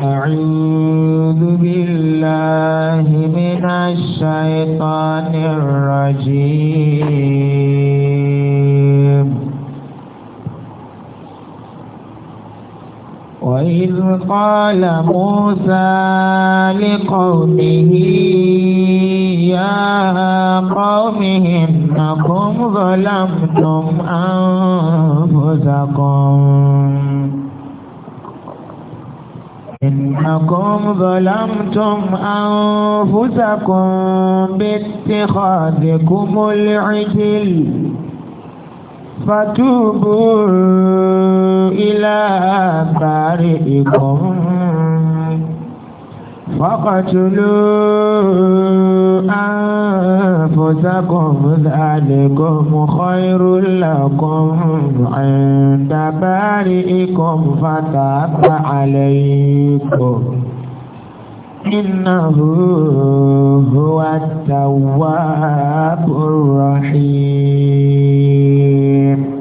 أعوذ بالله من الشيطان الرجيم وإذ قال موسى لقومه يا قوم إنكم ظلمتم أنفسكم إنكم ظلمتم أنفسكم باتخاذكم العجل فتوبوا إلى بارئكم فاقتلوا أنفسكم ذلكم خير لكم عند بارئكم فتاب عليكم إنه هو التواب الرحيم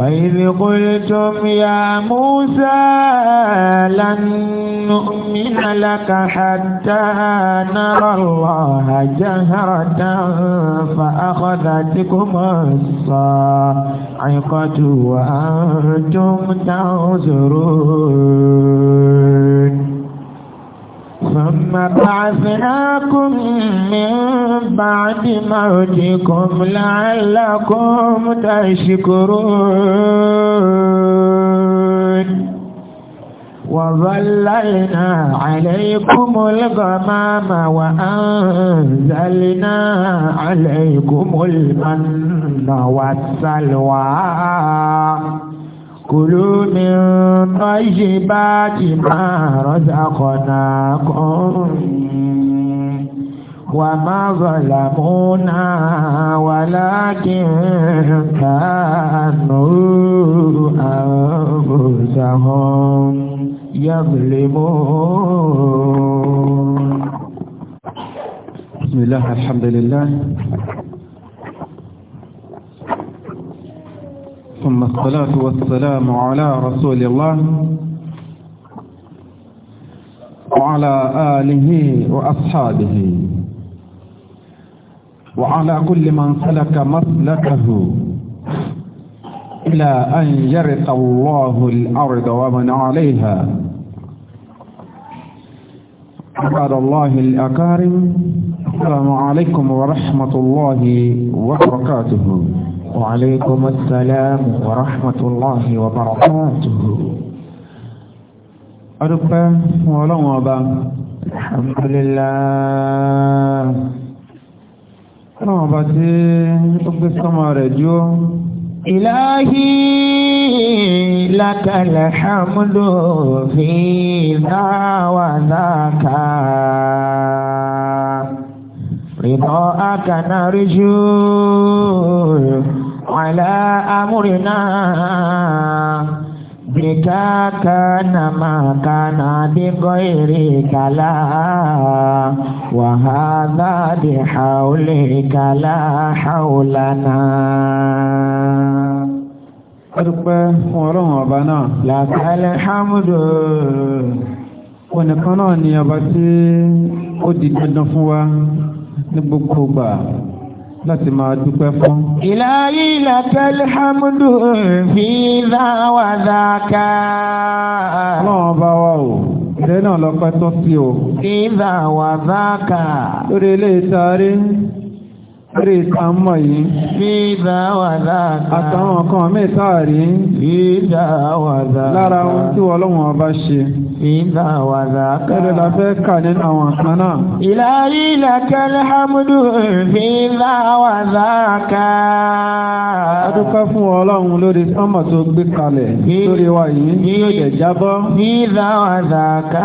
وإذ قلتم يا موسى لن نؤمن لك حتى نرى الله جهرة فأخذتكم الصاعقة وأنتم تنظرون ثم بعثناكم من بعد موتكم لعلكم تشكرون وظللنا عليكم الغمام وأنزلنا عليكم المن والسلوى كلوا من طيبات ما رزقناكم وما ظلمونا ولكن كانوا أنفسهم يظلمون بسم الله الحمد لله ثم الصلاة والسلام على رسول الله وعلى آله وأصحابه وعلى كل من سلك مسلكه إلى أن يرث الله الأرض ومن عليها عباد الله الأكارم السلام عليكم ورحمة الله وبركاته وعليكم السلام ورحمة الله وبركاته أدوبة ولو أبا الحمد لله ọlọ́wọ́n bá tí ó gbé sọ́mọ rẹ̀ jó. ìlàhí lákàlà hàmúlò fi dáwàdáka rìnà àkànárìjú. على أمرنا بكا كان ما كان بغيرك لا وهذا بحولك لا حولنا Adúpẹ́ fún ọlọ́run ọba náà. Làkàlẹ̀ Hamdu. Onìkan náà ni ọba tí ó di dandan fún wa ní gbogbo gbà láti máa dúpẹ́ fún. ìlàyé ìlàkẹ́lẹ́ hàmúdù fi dáwàdáká. ọlọ́run bá wà o ìrẹ́ náà lọ́pẹ́ tó sí o. fi dáwàdáká. lórí ilé ìtaari. Rí kan mọ̀ yìí. Bíbá wà láàká. Àtàwọn kan mẹ́ta rí. Bíbá wà láàká. Lára ohun tí wọ́n lọ́wọ́n ọba ṣe. Bíbá wà láàká. Ẹ̀rọ la fẹ́ kà nínú àwọn kan náà. Ìlàrí ìlàkẹ́lẹ́ Hamdu bíbá wà láàká dúpẹ́ fún ọlọ́run lórí sánmà tó gbé kalẹ̀ lórí wa yìí ní yóò jẹ̀ jábọ́. ní ìdáwàdà ká.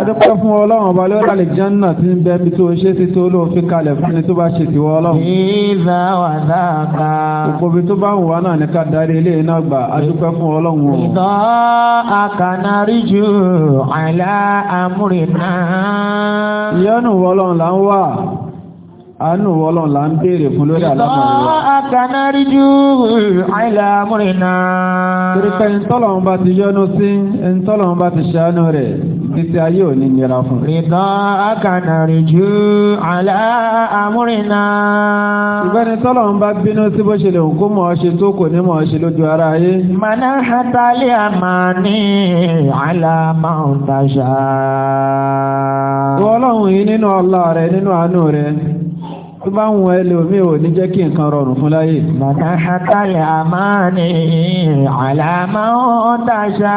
a dúpẹ́ fún ọlọ́run ọba lórí àlìjánná tí ń bẹ bí tó ṣe ti tó lóun fi kalẹ̀ fún ni tó bá ṣe tiwọ́ ọlọ́run. ní ìdáwàdà ká. gbogbo ibi tó bá ń wà náà ní ká darí ilé iná gbà a dúpẹ́ fún ọlọ́run ìdọ́ àkànárí ju àlá àmúrìnà. ìyọ́nù ọlọ́run là àánú ọlọ́run là ń béèrè fún lórí àlámọ̀ rẹ̀. ìtọ́ àkànárí ju àìlà múrìnà. torípé ntọ́lọ́run bá ti yọ́nú sí ntọ́lọ́run bá ti ṣàánú rẹ̀ títí ayé ò ní nira fún. ìtọ́ àkànárí ju nínú àánú rẹ̀ tó bá ń wọn ẹlòmí ò ní jẹ́ kí nǹkan rọrùn fún láyé. bàtà àtàlẹ̀ àmáàní àlàmà ó dàṣà.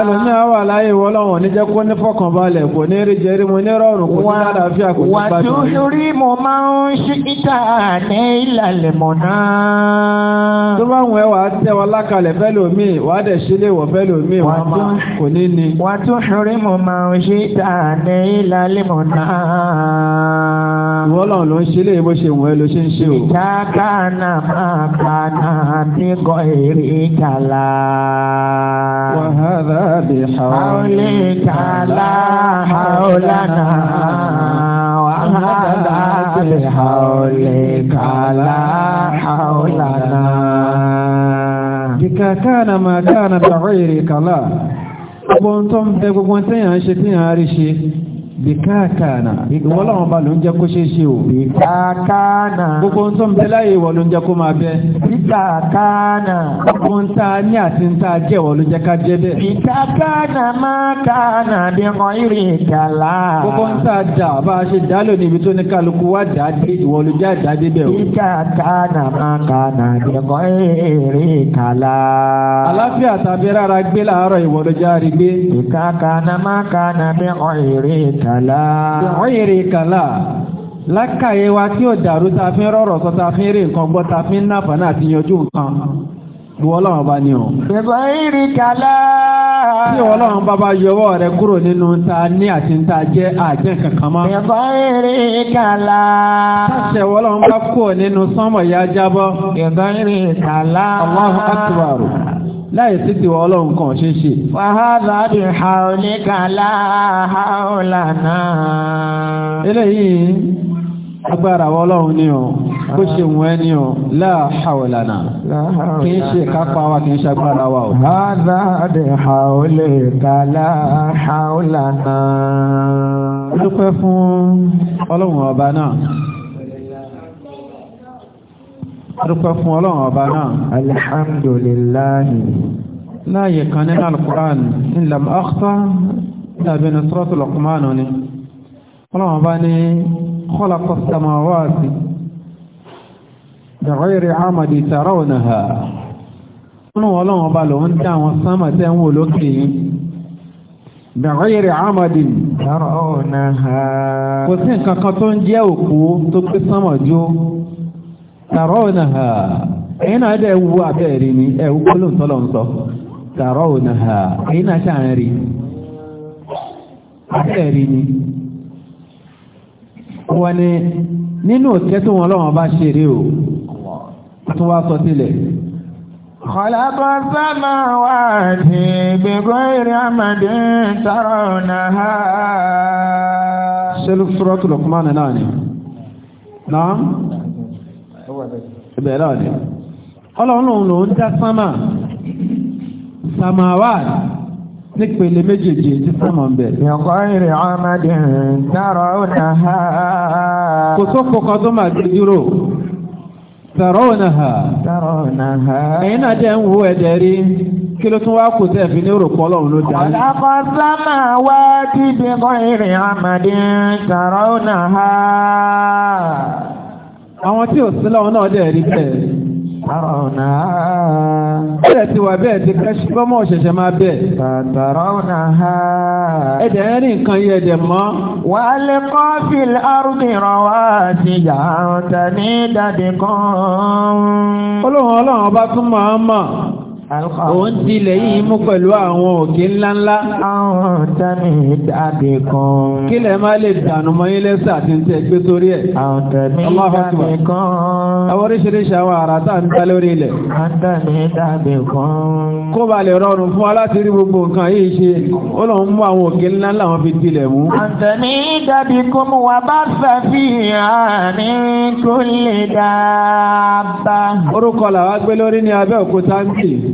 ẹlòmí á wà láyé wọlọ́wọ̀n ní jẹ́ kó ní fọkànbalẹ̀ kò ní rí jẹ́rí mo ní rọrùn kò ní lálàáfíà kò ní bá jọ. wàtú rí mo máa ń ṣí ìta ní ìlàlẹ̀ mọ̀ náà. tó bá ń wẹ̀ wá tẹ́ wọn lákalẹ̀ fẹ́lòmí wàá dẹ̀ sílé wọ̀ fẹ́lòmí wọn máa kò ní ni ilé ìbò ṣe wọ́n ló ṣe ń ṣe o. ìṣàkánà máa kánà tí kò èrè kàlá. wàhálà bí haolè kàlá haolànà. wàhálà bí haolè kàlá haolànà. ìkàkánà máa kánà tàwé èrè kàlá. gbogbo ń bẹ gbogbo ń tẹ́yàn ṣe tí yàn á rí ṣe bìkáàkàánà ìwọ lọ́wọ́n ba ló ń jẹ́ kó ṣeé ṣe o. bìkáàkàánà. gbogbo ń tó ń bẹ láyé ìwọ ló ń jẹ́ kó máa bẹ. bìkáàkàánà. gbogbo ń ta ní àti ń ta jẹ́ ìwọ ló jẹ́ ká jẹ́ bẹ́ẹ̀. bìkáàkàánà máa kàánà bí kan ìrì ìdàlá. gbogbo ń ta dà bá a ṣe dá lónìí ibi tó ní kálukú wá dà dé ìwọ ló jẹ́ àdá dé bẹ́ẹ̀ o. bìkáàkàánà máa kàánà bí kan ìrì ìdàlá. àlàáfíà tàbí rárá gbé láàárọ̀ ìwọ ló jẹ́ àrígbé. bìkáàkàánà máa kàánà bí kan ìrì ìd kàlá. bìgọ́yìrì kàlá lákàyè wa tí ó dàrú ta fi ń rọ̀rọ̀ sọ ta fi ń rí nǹkan gbọ́ ta fi ń náfà náà ti yanjú nǹkan ìwọ Ọlọ́run bá ní o. bìgọ́yìrì kàlá. tí ìwọ Ọlọ́run bá bá yọwọ́ rẹ kúrò nínú ta ní àti ta jẹ́ àjẹ́ kankan mọ́. bìgọ́yìrì kàlá. sáṣẹ ìwọ Ọlọ́run bá kúrò nínú sánmọ̀ ìyá jábọ́. bìgọ́yìrì kàlá. Allahu akbar láì sí tiwọ ọlọ́run kan ṣe ṣe. wàhálà bí haolí kàlá haolà náà. eléyìí agbára wa ọlọ́run ni o kó ṣe wọ́n ẹni o láàáwọ̀lá náà kì í ṣe kápá wa kì í ṣe agbára wa o. hádà bí haolí kàlá haolà náà. dúpẹ́ fún ọlọ́run ọba náà dúpẹ́ fún ọlọ́run ọba náà. alihamdulilayi. láàyè kan nínú alukur'an ńlá ọ̀kọ́tà dàbí ní sọ́ọ̀tù lọ́kùnmánù ni. ọlọ́run ọba ní kọ́lákọ́ samáwáàsì. bẹ̀rẹ̀ amadi tàràwọ̀ nà ha. nínú ọlọ́run ọba lòún dá àwọn sámà tẹ́ ń wò lókè yìí. bẹ̀rẹ̀ amadi tàràwọ̀ nà ha. kò sí nǹkan kan tó ń jẹ́ òkú tó gbé sámà jó tàrọ́ọ̀nàhà ẹ̀yìn náà dẹ̀ wú abẹ́ẹ̀rí ni ẹ̀wú kóló tọ́lọ̀ ń sọ tàrọ́ọ̀nàhà ẹ̀yìn náà ṣáà ń rí abẹ́ẹ̀rí ni wọ́n ni nínú òkè tí wọn lọ́wọ́n bá ṣe rí o tó wá sọ sílẹ̀. Kọ̀lákọ́ sábà wà ní gbẹ̀gbọ́ ìrìn àmàdé tarawnaha. Ṣé Suratul Luqman náà ni? Náà? ibẹ̀ náà ni ọlọ́run ló ń dá sánmà sàmàwà nípele méjèèjì tí sánmà ń bẹ̀. yọ̀kọ́ ìrìn ọmọdé ọ̀nà ha. kò sófo kan tó máa gbé dúró dárọ̀ ọ̀nà ha. dárọ̀ ọ̀nà ha. ẹ̀yin náà dẹ̀ ń wo ẹ̀dẹ̀ rí kí ló tún wá kò tẹ́ fi ní òròpọ̀ ọlọ́run ló dá. ọ̀làkọ̀ sámà wá ọmọdé ọ̀nà ha. àwọn tí ò sí lọ́wọ́ náà dẹ̀ rí bẹ́ẹ̀. Tàrọ̀nà. Bẹ́ẹ̀ ti wà bẹ́ẹ̀ ti kẹ́ṣí bọ́mọ̀ ṣẹ̀ṣẹ̀ máa bẹ̀. Tàrọ̀nà ha. Ẹ̀dẹ̀ ń rí nǹkan yẹ ẹ̀dẹ̀ mọ́. Wà á lè kọ́ fìlà arúgbìn wá sí ìyá ọ̀tẹ̀ ní dàdí Olóhùn ọlọ́run ọba tún máa ń mọ̀ òun tilẹ̀ yìí mú pẹ̀lú àwọn òkè ńláńlá. àwọn tani dábì kan. kílẹ̀ má lè dànù mọ́yé lẹ́sẹ̀ àti ní tẹ́ gbé sórí ẹ̀. àwọn tani dábì kan. àwọn oríṣiríṣi àwọn àrà tá à ń ta lórí ilẹ̀. àwọn tani dábì kan. kó ba lè rọrùn fún wa láti rí gbogbo nǹkan yìí ṣe ó lọ mú àwọn òkè ńláńlá wọn fi tilẹ̀ mú. àwọn tani dábì kan mú wa bá fàfi àní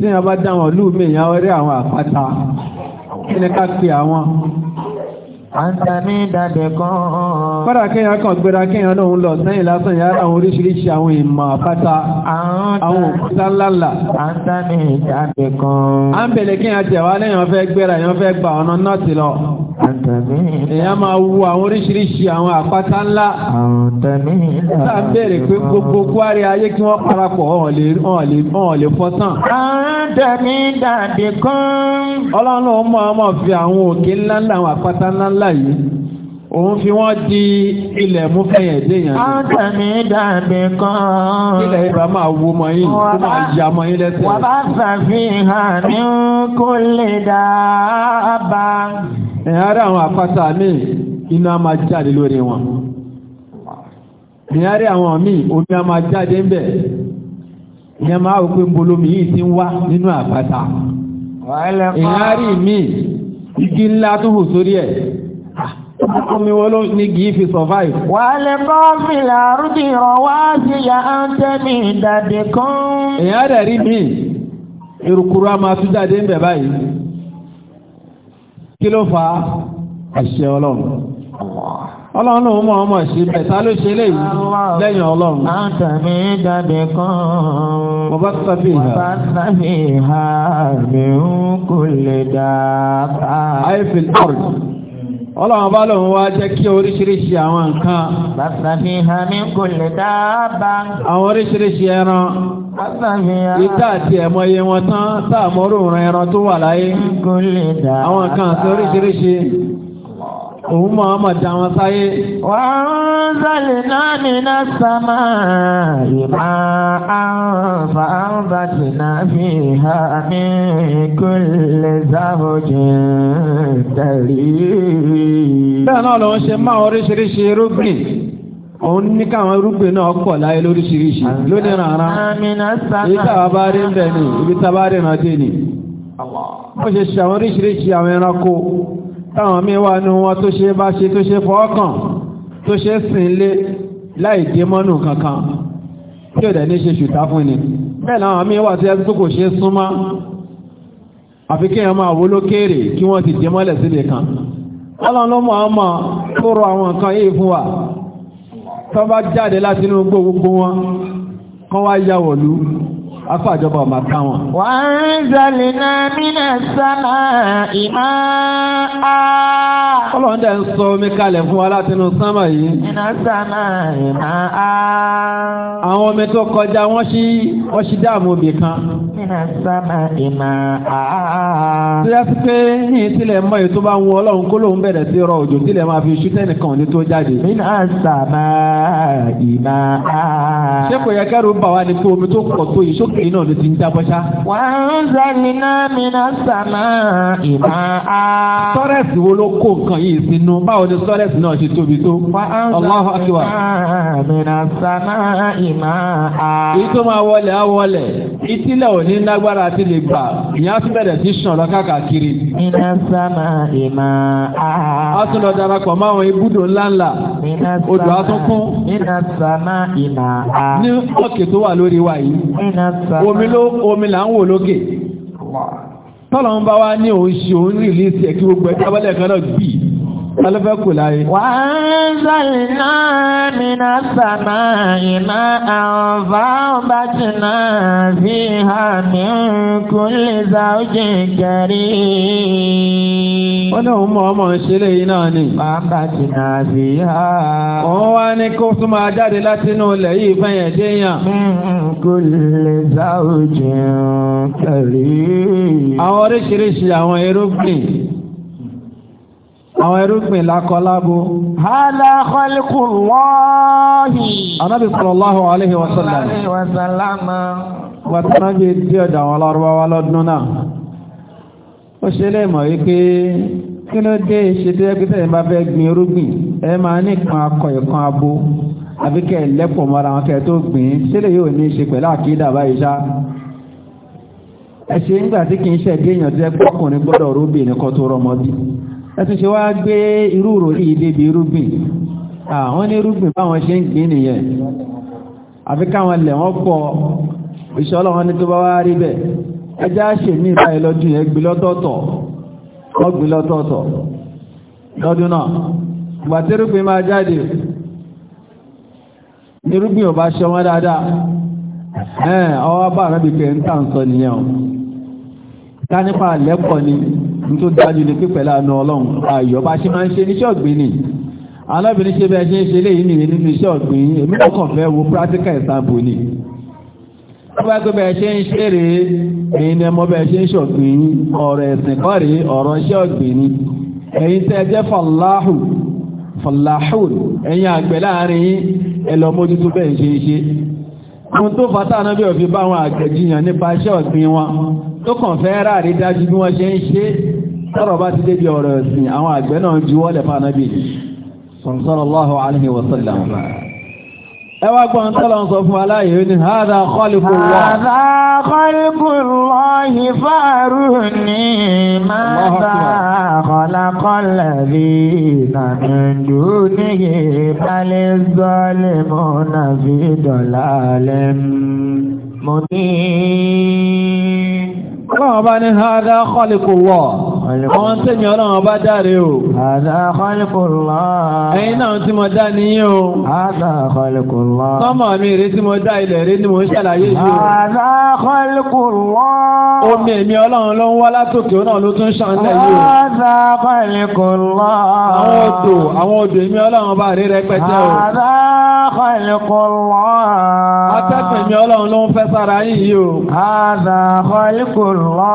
tí wọ́n bá dáwọn olú mi ìyàwó rí àwọn àpáta kí ni ká pe àwọn Àǹtàmí dàdẹ̀ kan. Kọ́dà kéèyàn kan gbéra kéèyàn náà ń lọ sẹ́yìn lásán yá àwọn oríṣiríṣi àwọn ìmọ̀ àpáta àwọn òkúta ńláńlá. Àǹtàmí dàdẹ̀ kan. À ń bẹ̀lẹ̀ kéèyàn tẹ̀ wá lẹ́yìn ọ̀fẹ́ gbéra èèyàn fẹ́ gba ọ̀nà náà ti lọ. Àǹtàmí. Èèyàn máa wo àwọn oríṣiríṣi àwọn àpáta ńlá. Àǹtàmí dàdẹ̀ kan. Sáà bẹ̀rẹ̀ pé gbogbo kwari ayé kí wọ́n parapọ̀ ọ̀hàn lè fọ́ tán. Àǹtàmí dàdẹ̀ kan. Ọlọ́run wàhálà yìí òun fi wọ́n di ilẹ̀ mú fẹ́yẹ̀ déyàn. ọ̀dọ̀ mi dàbí kan. ilẹ̀ ibà máa wo mọ yín kó máa ya mọ yín lẹ́sẹ̀. wà bá ṣàfihàn ní kó lè dábàá. ẹ̀yà rẹ̀ àwọn àpáta míì iná máa jáde lórí wọn. ẹ̀yà rẹ̀ àwọn míì omi á máa jáde ń bẹ̀. ìyẹn máa wò pé mbolomi yìí ti ń wá nínú àpáta. ẹ̀yà rẹ̀ míì igi ńlá tó hù sórí ẹ̀. Omi ah, wọn ló ní kìí fi survive. Wà lè kọ́ fìlà rúdì rọ̀ wá sí ya án tẹ́mi ìdàdé kan. Èèyàn rẹ̀ rí mi, ìrùkúrú a máa tún jáde ń bẹ̀ báyìí. Kí ló fa àṣẹ ọlọ́run? Ọlọ́run lòun mọ̀ ọmọ ṣe bẹ̀ta ló ṣe léyìí lẹ́yìn ọlọ́run. Án tẹ̀mí ìdàdé kan. Mo bá tọ́ fi hà. Mo bá tọ́ fi hà mi ń kò lè dàbà. Ayé fi lọ́rùn ọlọ́run bá lòun wá jẹ́ kí oríṣiríṣi àwọn nǹkan. bàtàfi kò lè dábà. àwọn oríṣiríṣi ẹran. ìta àti ẹ̀mọye wọn tán tá àmọ́rò ẹran tó wà láyé. àwọn nǹkan sí oríṣiríṣi òun máa ma dá wọn sáyé. wọ́n sálẹ̀ náà ní náà sámá àǹfà àǹfà tì náà fi ha mi kò lè sáwọ́jì tẹ̀lé. bẹ́ẹ̀ náà lòun ṣe máa oríṣiríṣi irúgbìn òun ní káwọn irúgbìn náà pọ̀ láyé lóríṣiríṣi lónìí rárá èyí táwa bá rí ń bẹ̀ ni ibi táwa bá rí ń rántí ni. wọ́n ṣe ṣe àwọn oríṣiríṣi àwọn ẹranko táwọn míì wà nù wọn tó ṣe bá ṣe tó ṣe fọ́ọ̀kàn tó ṣe sìn lé láì dé mọ́nù kankan tí ò dẹ̀ ní ṣe ṣùtá fún ni bẹ́ẹ̀ làwọn míì wà tó yẹ tó kò ṣe súnmọ́ àfi kéèyàn máa wó lókèèrè kí wọ́n ti dé mọ́lẹ̀ síbi kan ọlọ́run ló mọ̀ ọmọ tó rọ àwọn nǹkan yìí fún wa tó bá jáde láti inú gbogbo wọn kán wá yàwọ̀lú afáàjọba ọmọ káwọn. wọ́n zàlẹ̀ náà mínà sámà ìmá á. ọlọ́run dẹ̀ ń sọ omi kalẹ̀ fún wa látinú sámà yìí. mínà sámà ìmá á. àwọn omi tó kọjá wọ́n ṣí wọ́n ṣí dáàmú ibì kan. mínà sámà ìmá á. tó yá sí pé ní ìtìlẹ̀ mọ́ èyí tó bá ń wọ ọlọ́run kó lóun bẹ̀rẹ̀ sí rọ òjò tílẹ̀ máa fi ṣútẹ́ nìkan ní tó jáde. mínà sámà ìmá á. ṣé kò yẹ sókè náà ló ti ń jábọ́ ṣá. wọ́n zanina mina sàmà ìmọ̀ á. sọ́rẹ́sì wo ló kó nǹkan yìí sínú báwo ni sọ́rẹ́sì náà ṣe tóbi tó. Allahu akbar. mina sàmà ìmọ̀ á. ìtò máa wọlé á wọlé ìtìlẹ̀ ò ní lágbára àti lè gbà ìyá tún bẹ̀rẹ̀ sí sàn lọ káàkiri. mina sàmà ìmọ̀ á. a tún lọ darapọ̀ mọ́ àwọn ibùdó ńláńlá odò á sàmà ìmọ̀ á. ní ọ̀kẹ́ tó wà lórí wa yìí. mina omi ló omi là ń wò lókè tọ́lọ̀ ń bá wá ní òun ṣe òun rìlíìsì ẹ̀kí gbogbo ẹ̀kí abẹ́lẹ̀ kan náà bíi Tálẹ́fẹ́ kò láyé. Wà á sàlì náà mi náà sàmà iná àwọn fáwọ́bá ti náà fi hà mí kú lè sa ojú kẹrí. Ó ní òun mọ̀ ọmọ ìṣeré yìí náà ni. Bàbá ti náà fi hà. Òun wá ní kó tún máa jáde láti inú ilẹ̀ yìí fẹ̀yẹ̀ déyàn. Kú lè sa ojú kẹrí. Àwọn oríṣiríṣi àwọn irúgbìn. àwọn ẹrúgbìn lákọlábo. hálà kọ́líkù lọ́ọ̀hì. anábì sallallahu alaihi wa sallam. wàtí náà bí dí ọjà àwọn ọlọ́rọ̀wá lọ́dún náà. ó ṣe lè mọ̀ wípé kí ló gbin irúgbìn ẹ máa ní akọ ìkan abo àbí lẹ́pọ̀ mọ́ra wọn tó gbìn yóò ní í ṣe pẹ̀lú àkídà báyìí ṣá ẹ ṣe ń gbà tí kì í ẹtù ṣe wá gbé irú ìròrí yìí irúgbìn àwọn ní irúgbìn báwọn ṣe ń gbìn nìyẹn àfi káwọn lẹ̀ wọ́n pọ̀ ìṣọ́ ọlọ́wọ́n ní tó bá wá rí bẹ̀ ẹjá ṣe ní ìbáyé lọ́dún yẹn gbìn tí ká nípa lẹ́kọ̀ọ́ ni ní tó dájú ní pípẹ́ láàánú ọlọ́run ayọ̀ bá ṣe máa ń ṣe níṣẹ́ ọ̀gbìn ni alábìnrin ṣe bẹ́ẹ̀ ṣe ń ṣe léyìn nìyẹn nínú iṣẹ́ ọ̀gbìn èmi kọ̀ọ̀kan fẹ́ wo practical example ni wọ́n bá gbé bẹ́ẹ̀ ṣe ń ṣe rèé èyí ni ẹmọ bẹ́ẹ̀ ṣe ń ṣọ̀gbìn ọ̀rọ̀ ẹ̀sìn kọ́ rèé ọ̀rọ̀ iṣẹ́ ọ̀gbìn ni èyí tẹ́ ẹ jẹ́ fàláhù fàláhù ẹ̀yin àgbẹ̀ láàrin ẹlọ́mójútó bẹ́ẹ̀ ṣe ń ṣe ohun tó fatá náà bí òfin bá àgbẹ̀ jiyàn nípa iṣẹ́ ọ̀gbìn wọn tó kàn fẹ́ ráàrí dájú bí wọ́n ṣe ń ṣe sọ̀rọ̀ bá ti débi ọ̀rọ̀ ẹ̀sìn àwọn àgbẹ̀ náà ju wọ́lẹ̀ fún anábì sallallahu alaihi wa sallam. ẹ wá gbọ́n tọ́lọ̀ ń sọ fún aláyè ní hadha khalqullah. hadha khalqullahi faruni madha khalaqal ladhina min dunihi bal zalimuna fi dalalin mubin. Ọlọ́run bá ní hádá kọ́lìkò wọ̀. Àwọn tí mi ọlọ́run bá dáre o. Hádá kọ́lìkò lọ. Ẹyin náà tí mo dá ní yín Hádá kọ́lìkò lọ. Sọ́mọ̀ mi rí tí mo dá ilẹ̀ rí ni mo ń ṣàlàyé yìí Hádá kọ́lìkò lọ. Omi èmi ọlọ́run ló ń wá látòkè náà ló tún ṣàǹtẹ̀ yìí Hádá kọ́lìkò lọ. Àwọn odò àwọn odò èmi ọlọ́run bá rí rẹpẹtẹ o. Hádá kọ́lìkò lọ. Atẹ́kùn èmi ọlọ́run ló ń fẹ́ sára yìí o. Hádá kọ́lìkò l Allah.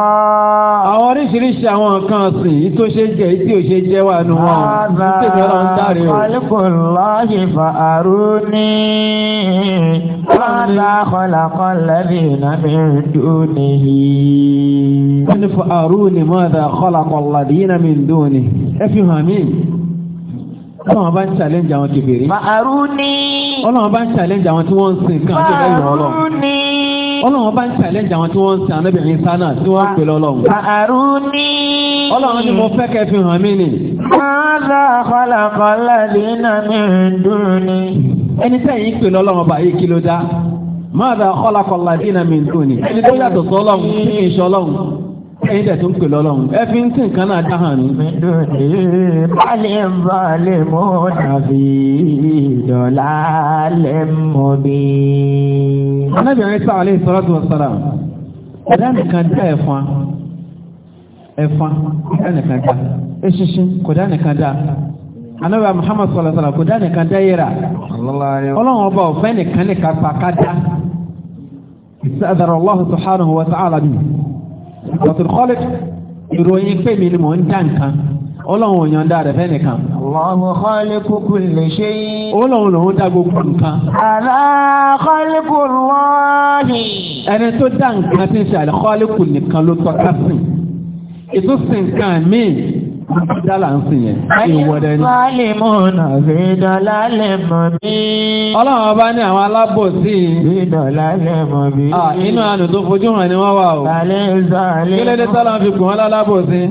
Àwọn oríṣiríṣi àwọn nǹkan ọ̀sìn yìí tó ṣe jẹ́ yìí tí ò ṣe jẹ́ wà nù wọn. Títí mi ọlọ́run dáre o. Khalqullahi fa'aruni. Mādhā khalaqalladhīna min dūnihi. Wọ́n ní fa'aruni mādhā khalaqalladhīna min dūnihi. Ẹ fi hàn mí ọlọ́run bá ń challenge àwọn kèfèrí. màárù ni. ọlọ́run bá ń challenge àwọn tí wọ́n ń sin kan tó bẹ́ẹ̀ yọ ọlọ́run. màárù ni ọlọ́run bá ń challenge àwọn tí wọ́n ń sin anábìrin sánà tí wọ́n ń pè lọ́lọ́run. àrùn ní. ọlọ́run ni mo fẹ́ kẹ́ hàn mí ni. mọ́lá kọlàkọlà lẹ́nà mi dùn ni. ẹni sẹ́yìn pè lọ́lọ́run bá yìí kí ló dá. mọ́lá kọlàkọlà lẹ́nà mi dùn ni. ẹni tó yàtọ̀ sọ́lọ́run kí ẹ̀yin tẹ̀ tó ń pè lọ́lọ́run ẹ fi ń sìn kan náà dáhàn ní. balẹ̀ balẹ̀ mo dàbí ìdọ̀lá lẹ̀ mọ́ bí. anábìrin sáà lè sọ́rọ́ tó sọ́ra ẹ̀dá nìkan dá ẹ̀fọn ẹ̀fọn ẹ̀dá nìkan dá eṣinṣin kò dá nìkan dá anábìrin Muhammad sọ̀rọ̀ sọ̀rọ̀ kò dá nìkan dá yẹra ọlọ́run ọba ọ̀fẹ́ nìkan nìkan pa ká dá. ìsàdàrọ̀ subhanahu wa ta'ala nìyí dr khalid ìròyìn pé mi ni mò ń dá nǹkan ọlọ́run òyàn dá rẹ̀ fẹ́nìkan. Allahu khaliqu kulli shay. ọlọ́run lòun dá gbogbo nǹkan. Ala khaliqu Allahi. ẹni tó dá nǹkan ti ń ṣe àlẹ́ nìkan ló tọ́ka sí. ìtúsìn míì. Dálà ń sìn yẹn, ìwọ̀dẹ ni. Ọlọ́run ọba ní àwọn alábòsí. Bí dọ́là Inú àánú tó fojú hàn ni wọ́n wà o. Bàlẹ́ ìzọ̀lẹ́. Kí ló dé sọ́lá fi kùn wọ́n lálábòsí?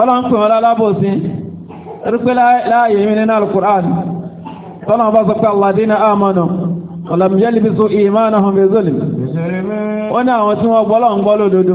Ọlọ́run kùn wọ́n lálábòsí. Rúpẹ́ láàyè mi nínú Al-Qur'an. Sọ́lá ọba sọ pé Alladina amanu. Ọ̀làmìyẹ́lì bí so ìmánahum bí zulm. Ó ní àwọn tí wọ́n gbọ́lọ́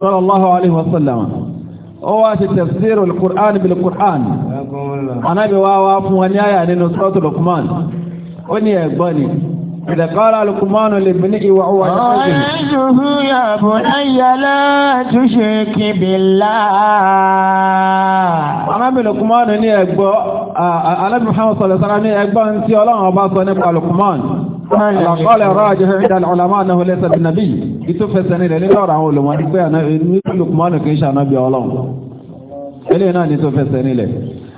sallallahu alaihi wasallam ó wá ṣe tafsir al-qur'an bil qur'an anábì wá wá fún wọn ní àyà nínú sọ́tù lukman ó ní ẹ̀gbọ́n ni إذا قال لقمان لابنه وهو يعظه يا بني لا تشرك بالله Ànábì Lukman ní ẹ̀gbọ́n Ànábì Muhammad sallallahu alaihi wasallam ní ẹ̀gbọ́n tí Ọlọ́run ọba sọ nípa Lukman àlàkọ́lẹ̀ rájẹ̀ ìdá alàmà náà lẹ́sẹ̀ bí nàbí ìtò fẹsẹ̀ ní rẹ̀ nílọ́rọ̀ àwọn olùmọ̀ nígbẹ́ àná ìlú Lukmanu kì í ṣàná bí ọlọ́run eléyìí náà ní tó fẹsẹ̀ nílẹ̀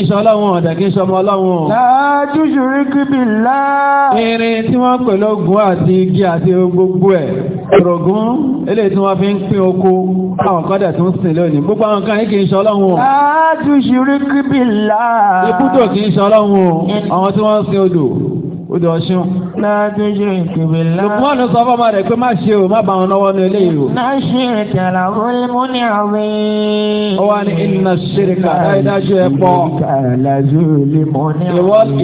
ń ṣe ọlọ́run ọ̀dẹ̀ kí ń ṣe ọmọ ọlọ́run. láàájú ṣùrí kíbi ńlá. irin tí wọ́n pè lógun àti igi àti gbogbo ẹ̀ rògún eléyìí tí wọ́n fi ń pín oko àwọn kan dẹ̀ tún sìn lónìí gbogbo àwọn kan yìí kì lùkùmọ́nù sọ fọ́mọ rẹ̀ pé má ṣe o má bá wọn lọ́wọ́ ní ilé ìlú. náà ṣe ìjàlá olùmú ní ọ̀wé. ó wà ní iná ṣèríkà dájú ẹ pọ̀.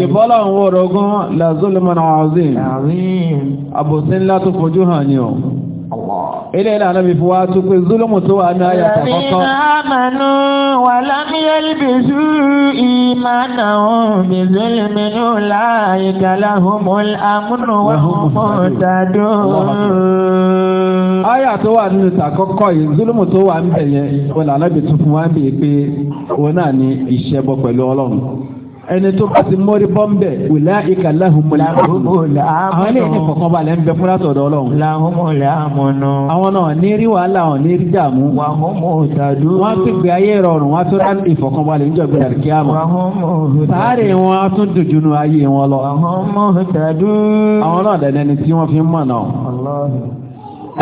ìbọ́lọ̀ ń wo orogún làzúlùmọ́nà ọ̀zìn. àbòsí ńlá tó fojú hàn ni o ilé ìlànà bí fún wa tó pé zulumu tó wà ní àyàtà kọ́kọ́. àyà tó wà nínú ìtàkọ́kọ́ yìí zulumu tó wà ń bẹ̀yẹ ìlànà bí tuntun wà ń bẹ̀yẹ pé òun náà ní ìṣẹ́bọ pẹ̀lú ọlọ́run ẹni tó bá ti mórí bọ́m̀bẹ̀ wùlá ìkà láhùmùlá àmúnú àwọn ilé ní kọ̀kan balẹ̀ ń bẹ fún látọ̀dọ̀ ọlọ́run láhùmùlá àmúnú àwọn náà ní rí wàhálà wọn ní rí dààmú wọn ti gbé ayé rọrùn wọn tó rán ìfọ̀kànbalẹ̀ níjọ gbé àríkí àmọ́ sáré wọn á tún dùn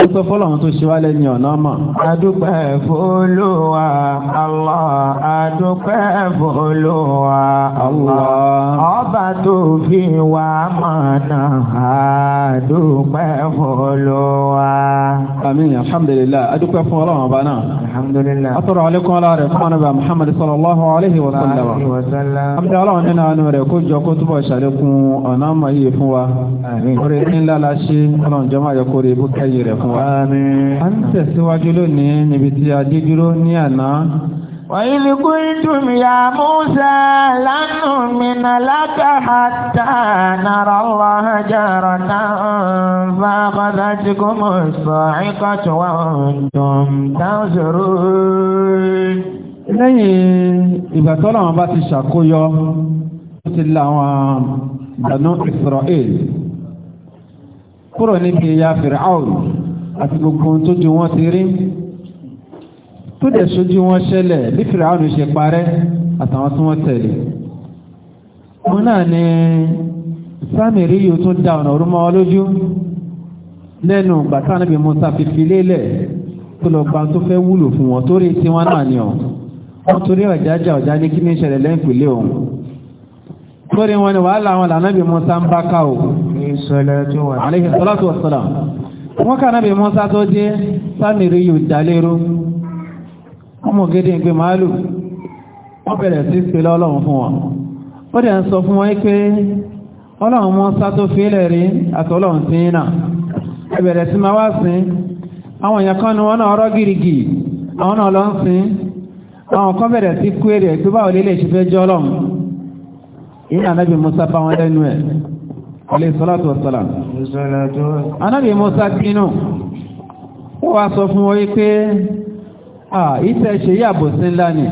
ó sọ fọ́lọ́run tó ṣe wá lẹ́ni ọ̀nà mọ̀. adúpẹ́ f'Olúwa Allah adúpẹ́ f'Olúwa Allah ọba tó fi wá mọ̀nà adúpẹ́ f'Olúwa. àmín alhamdulilayi adúpẹ́ fún ọlọ́run ọba náà. alhamdulilayi. atọ́rọ̀ alekun ala rẹ̀ fún ọ̀nàbà muhammad sallallahu alayhi wa sallam. amúdá ọlọ́run nínú àánú rẹ̀ kó jọ kó túbọ̀ ṣàlékún ọ̀nà mọ̀ yìí fún wa. orí ńlá la ṣe ọlọ́run jọ máa yọ kórè ibùkẹ́yì rẹ̀ fún wa. a ń tẹ̀síwájú lónìí níbi tí a dé dúró ní àná. وإذ قلتم يا موسى لن نؤمن لك حتى نرى الله جارة فأخذتكم الصاعقة وأنتم تنظرون. lẹ́yìn ìgbà tó làwọn bá ti ṣàkóyọ ó ti la àwọn Banu Israel kúrò níbi ìyà fìràáùn àti gbogbo tó ju wọn ti rí tó dẹ̀ sójú wọn ṣẹlẹ̀ bí fìràáùn ṣe parẹ́ àtàwọn tí wọ́n tẹ̀lé wọn náà ni sáàmì rí yóò tún da ọ̀nà orúmọ́ lójú lẹ́nu gbàtà níbi Musa fífi lélẹ̀ tó lọ gba tó fẹ́ wúlò fún wọn torí tiwọn náà ni ọ̀ wọ́n torí ọ̀jájà ọ̀já ní kí ní ìṣẹ̀lẹ̀ lẹ́ǹkùlé òun lórí wọn ni wàhálà wọn lànà bí Musa ń bá ká o alayhi salatu wa salam wọ́n kà nábì Mùsá tó dị sánìrí ọmọ gẹ́dẹ̀ ìgbé màálù wọ́n bẹ̀rẹ̀ sí fún wọn ó dẹ̀ ń sọ fún wọn pé ọlọ́run fílẹ̀ rí náà ẹbẹ̀rẹ̀ sí máa wá àwọn èèyàn kan wọ́n náà rọ́ gírígì àwọn náà bẹ̀rẹ̀ alayhi salatu wa salam. anábì musa bínú ó wá sọ fún wọn pé ìtẹ̀ ṣe yí àbòsí ńlá ni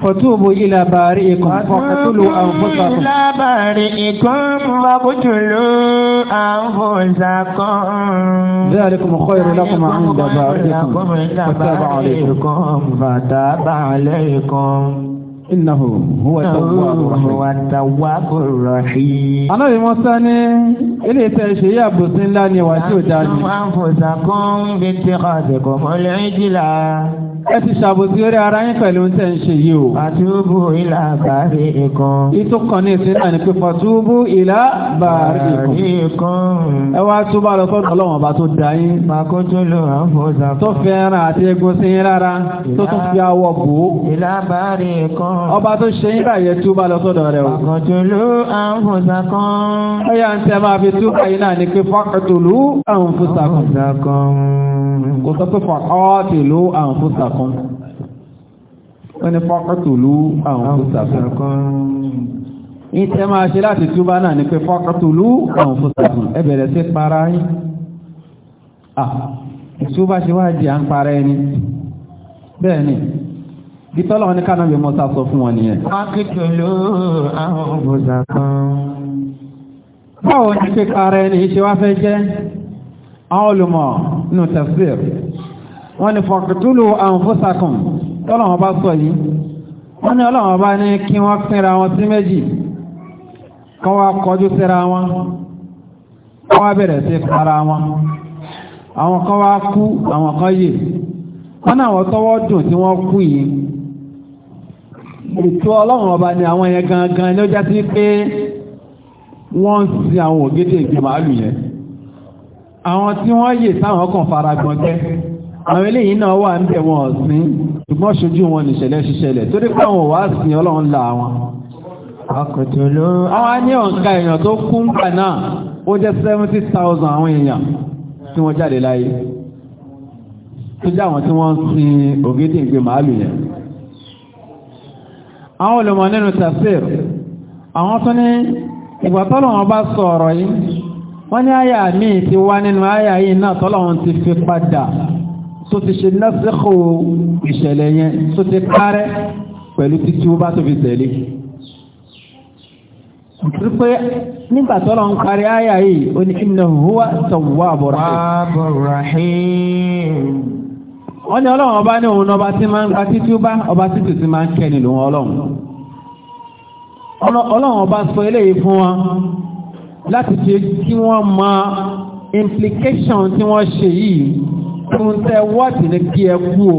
fọtúbù ilà bàárí ikùn fọkàtúlù àǹfọ̀sàkùn. ilà bàárí ikùn fọkàtúlù àǹfọ̀sàkùn. ذلك خير لكم عند بارئكم فتاب عليكم innahu huwa tawwabur rahim huwa tawwabur rahim anabi musa ni ilé iṣẹ́ ṣe ni wàá tí ò dá ní. àwọn àǹfọ̀sà kan bí tí ẹ ti ṣàbòsí orí ara yín pẹ̀lú ń tẹ̀ ń ṣe yìí o. fàtúbù ìlà bàárì ikùn. ìtò kan ní ìsìn náà ni pé fàtúbù ìlà bàárì ikùn. ẹ wá túbọ̀ lọ sọ́dọ̀ ọlọ́wọ̀n bá tó da yín. màkójú ló ń fòsà fún. tó fẹ́ràn àti egun sí yín rárá tó tún fi awọ bò ó. ìlà bàárì ikùn. ọba tó ṣe yín báyẹn túbọ̀ lọ sọ́dọ̀ rẹ o. màkójú ló ń fòsà kan. ó yà ń tẹ́ kan wọ́n ní fọ́kàtòlú àwọn fúsàfún ìtẹ́ máa ṣe láti túbá náà ní pé fọ́kàtòlú àwọn fúsàfún ẹ sí para yín ìtúbá ṣe wájì à ń para ẹni bẹ́ẹ̀ ni gítọ́lọ̀ ní kánàbí mọ́ta sọ fún wọn nìyẹn fọ́kàtòlú àwọn fúsàfún wọ́n ní fọ̀kùtùlù àǹfọ́sàkùn tọ́lọ̀wọ́n bá sọ yìí wọ́n ní ọlọ́wọ́n bá ní kí wọ́n pínra wọn sí méjì kọ́ wá kọjú síra wọn kọ́ wá bẹ̀rẹ̀ sí para wọn àwọn kan wá kú àwọn kan yè wọ́n ní àwọn tọ́wọ́ dùn tí wọ́n kú yìí ètò ọlọ́run ọba ni àwọn yẹn gangan ni já sí pé wọ́n ń sin àwọn ògédè ìgbìmọ̀ àlù yẹn àwọn tí wọ́n yè táwọn kan fara gbọ̀ngbẹ́ àwọn eléyìí náà wà ń bẹ̀ wọn ọ̀sìn ṣùgbọ́n ṣojú wọn nìṣẹ̀lẹ̀ ṣiṣẹlẹ̀ torí pé àwọn wàá sìn ọlọ́run là wọn. akọ̀tòló. àwọn á ní ọ̀ǹkà èèyàn tó kú gbà náà ó jẹ́ seventy thousand àwọn èèyàn tí wọ́n jáde láyé tó jẹ́ àwọn tí wọ́n ń sin ògédèǹgbè màálù yẹn. àwọn olùmọ̀ nínú tafsir àwọn tó ní ìgbà tọ́lọ́wọ́n bá sọ ọ̀rọ̀ yìí wọ́n ní àyà míì ti wá nínú àyà yìí náà tọ́lọ́wọ́n ti fi padà tó ti ṣe násìkò ìṣẹ̀lẹ̀ yẹn tó ti kárẹ́ pẹ̀lú títí ó bá tó fi tẹ̀lé. Wípé nígbà tọ́lọ̀ ń parí àyà yìí, ó ní innahu huwa tawwabur rahim. Wọ́n ní ọlọ́run ọba ní òun ọba tí máa ń tí wọ́n ṣe yìí kúntẹ́ wọ́ọ̀tì ní kí ẹ kú o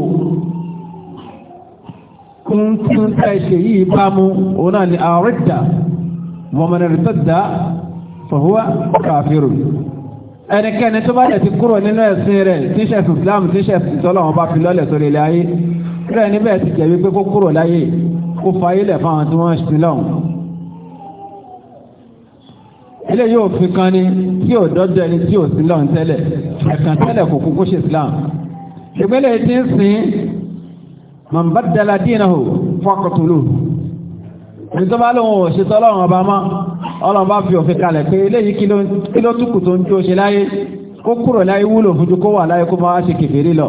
kúntẹ́ ṣe yìí bá mú òun náà ni àrídà mọ̀mọ̀nàrítọ́dà fọ̀húwá kàfírù ẹnikẹ́ni tó bá jẹ́ ti kúrò nínú ẹ̀sìn rẹ̀ tíṣẹ̀ Islam tíṣẹ̀ ìtọ́lọ́wọ́n bá fi lọ́lẹ̀ sórí ilẹ̀ ayé rẹ̀ níbẹ̀ ti jẹ̀bi pé kó kúrò láyé kó fa ilẹ̀ fáwọn tí wọ́n ń sin lọ́hùn ilé yóò fi kan ni tí ò dọ́dọ̀ ẹni tí ò sí lọ́n tẹ́lẹ̀ ẹ̀kan tẹ́lẹ̀ kò kúkú ṣe islam ìgbélé tí ń sìn man baddala dinahu faqtuluhu ní tó bá lóun ò ṣetọ́ lọ́rùn ọba mọ́ ọlọ́run bá fi òfin kalẹ̀ pé eléyìí kí ló túkù tó ń jó ṣe láyé kó kúrò láyé wúlò fún kó wà láyé kó máa wá ṣe kèfèrí lọ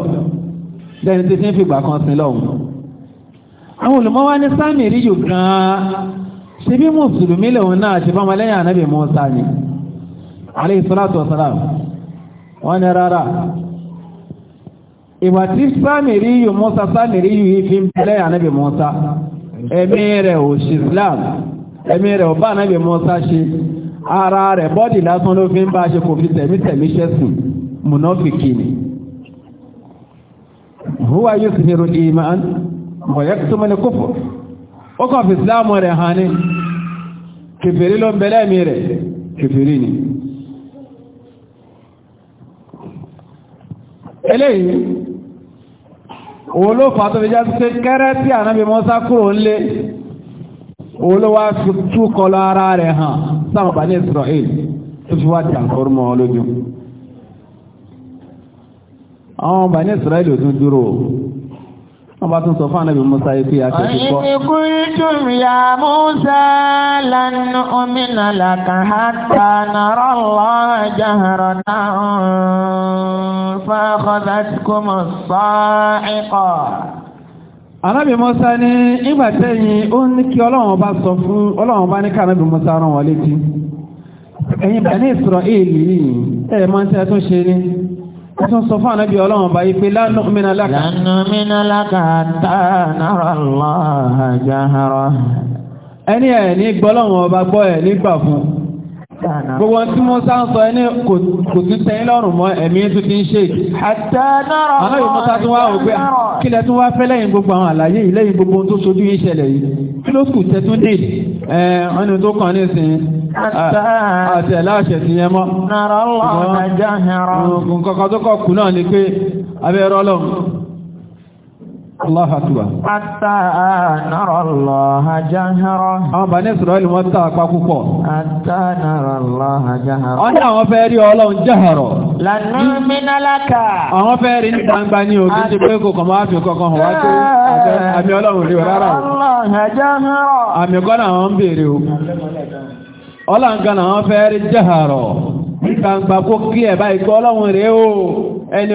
lẹ́ni tí ń fìgbà kan sin lọ́hùn àwọn olùmọ́wá ní sáàmì ríyù gan-an ṣe bí mùsùlùmí lòun náà ṣe fọmọ lẹ́yìn ànábì Mùsá ni alayhi salatu wa salam wọ́n ní rárá ìwà tí sáàmìrí yìí Mùsá sáàmìrí yìí fi ń lẹ́yìn ànábì Mùsá ẹ̀mí rẹ̀ ò ṣe Islam ẹ̀mí rẹ̀ ò bá ànábì Mùsá ṣe ara rẹ̀ bọ́dì lásán ló fi ń bá ṣe kò fi tẹ̀mí tẹ̀mí ṣẹ́sìn mùnáfìkì ni huwa yusmiru iman wa yaktumu al-kufr ó kàn fi ìsìláàmù rẹ̀ hàn ní kèfèrí ló ń bẹ̀lẹ̀ mi rẹ̀ kèfèrí ni eléyìí òun ló fà tó fi já sí kẹ́rẹ́ tí ànábì Mùsá kúrò ńlé òun ló wá tú kọlọ ara rẹ̀ hàn sáwọn bàní Israel tó fi wá jàǹkóró mọ́ lójú àwọn bàní Israel ò tún dúró wọ́n bá tún sọ fún ànábì Musa yìí pé a ṣe ti kọ́. ọ̀yìn kúrìtùm ya Musa lánàá omínà làkà hàtà nàrà lọ́wọ́ jahara náà fàkọ́dà kò mọ̀ sọ́ọ̀ẹ́kọ̀. ànábì Musa ní ìgbà tẹ́yìn ó ní kí ọlọ́run bá sọ fún ọlọ́run bá ní Bani Israeli yìí ẹ̀ máa ń Ẹ̀sùn sọ fún ànábì ọlọ́run bá yí pé la nu'mina laka. La nu'mina laka nara Allah jahara. Ẹni ẹ̀ ní gbọ́lọ́run ọba gbọ́ ẹ̀ nígbà fún gbogbo tí mo sá ń sọ ẹni kò tún tẹ́yìn lọ́rùn mọ́ ẹ̀mí tún ti ń ṣe àtẹ́nàrọ̀ àwọn yìí mọ́ta tún wá òpé kí lẹ tún wá fẹ́ lẹ́yìn gbogbo àwọn àlàyé yìí lẹ́yìn gbogbo tó ṣojú yìí ṣẹlẹ̀ yìí kí ló kù tẹ́tún dè ẹ̀ ọ́nà tó kàn ní ìsìn àti ẹ̀ láṣẹ ti yẹn mọ́ nǹkan kan tó kọ̀ kù náà ni pé abẹ́rọ́ lọ́run Allah akbar. na nara Allah jahara. Àwọn bàní Ìsìrọ̀lì wọ́n tà pa púpọ̀. Hatta nara Allah jahara. Wọ́n ní àwọn fẹ́ rí ọlọ́run jẹ́hàrọ̀. Lànà mínálàkà. Àwọn fẹ́ fẹ́ rí jẹ́hàrọ̀. kó kí ọlọ́run Ẹni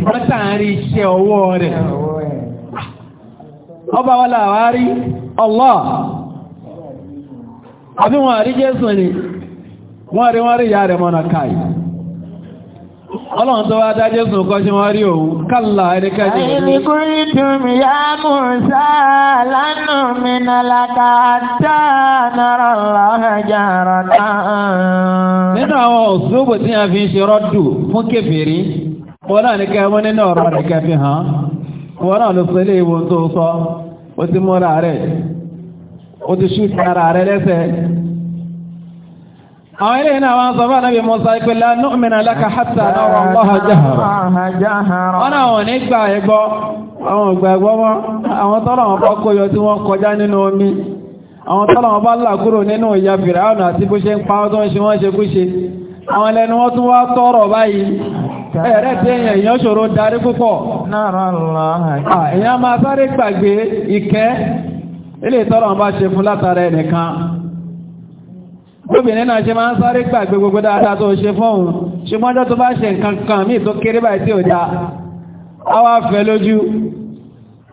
ṣùgbọ́n tààrí iṣẹ́ ọwọ́ rẹ̀ ọba wọ́n láwárí Allah àbí wọ́n rí Jésù ni wọ́n rí wọ́n rí ìyá rẹ̀ mọ́nà káì ọlọ́run tó wá dá Jésù kọ́ sí wọ́n rí òun kálà ẹnikẹ́jì sáà wọ́n náà ní kẹ́ wọ́n nínú ọ̀rọ̀ rẹ̀ kẹ́ fi hàn wọ́n náà ló pẹ́lẹ̀ ìwò tó sọ ó ti múra rẹ̀ ó ti ṣú ara rẹ̀ lẹ́sẹ̀ àwọn ilé iná wọn sọ fún ànábì Musa pé la nu'mina laka náà wọn ń pa àwọn ẹlẹ́nu wọn tún wá tọ́rọ̀ báyìí ẹ̀rẹ́ tí èèyàn èèyàn ṣòro darí púpọ̀. èèyàn máa sáré gbàgbé ìkẹ́ ilé ìtọ́rọ̀ ọba ṣe fún látara ẹnìkan obìnrin náà ṣe máa ń sáré gbàgbé gbogbo dáadáa tó ṣe fún òun ṣùgbọ́n ọjọ́ tó bá ṣe nǹkan kan míì tó kéré báyìí tí ò dáa á wá fẹ́ lójú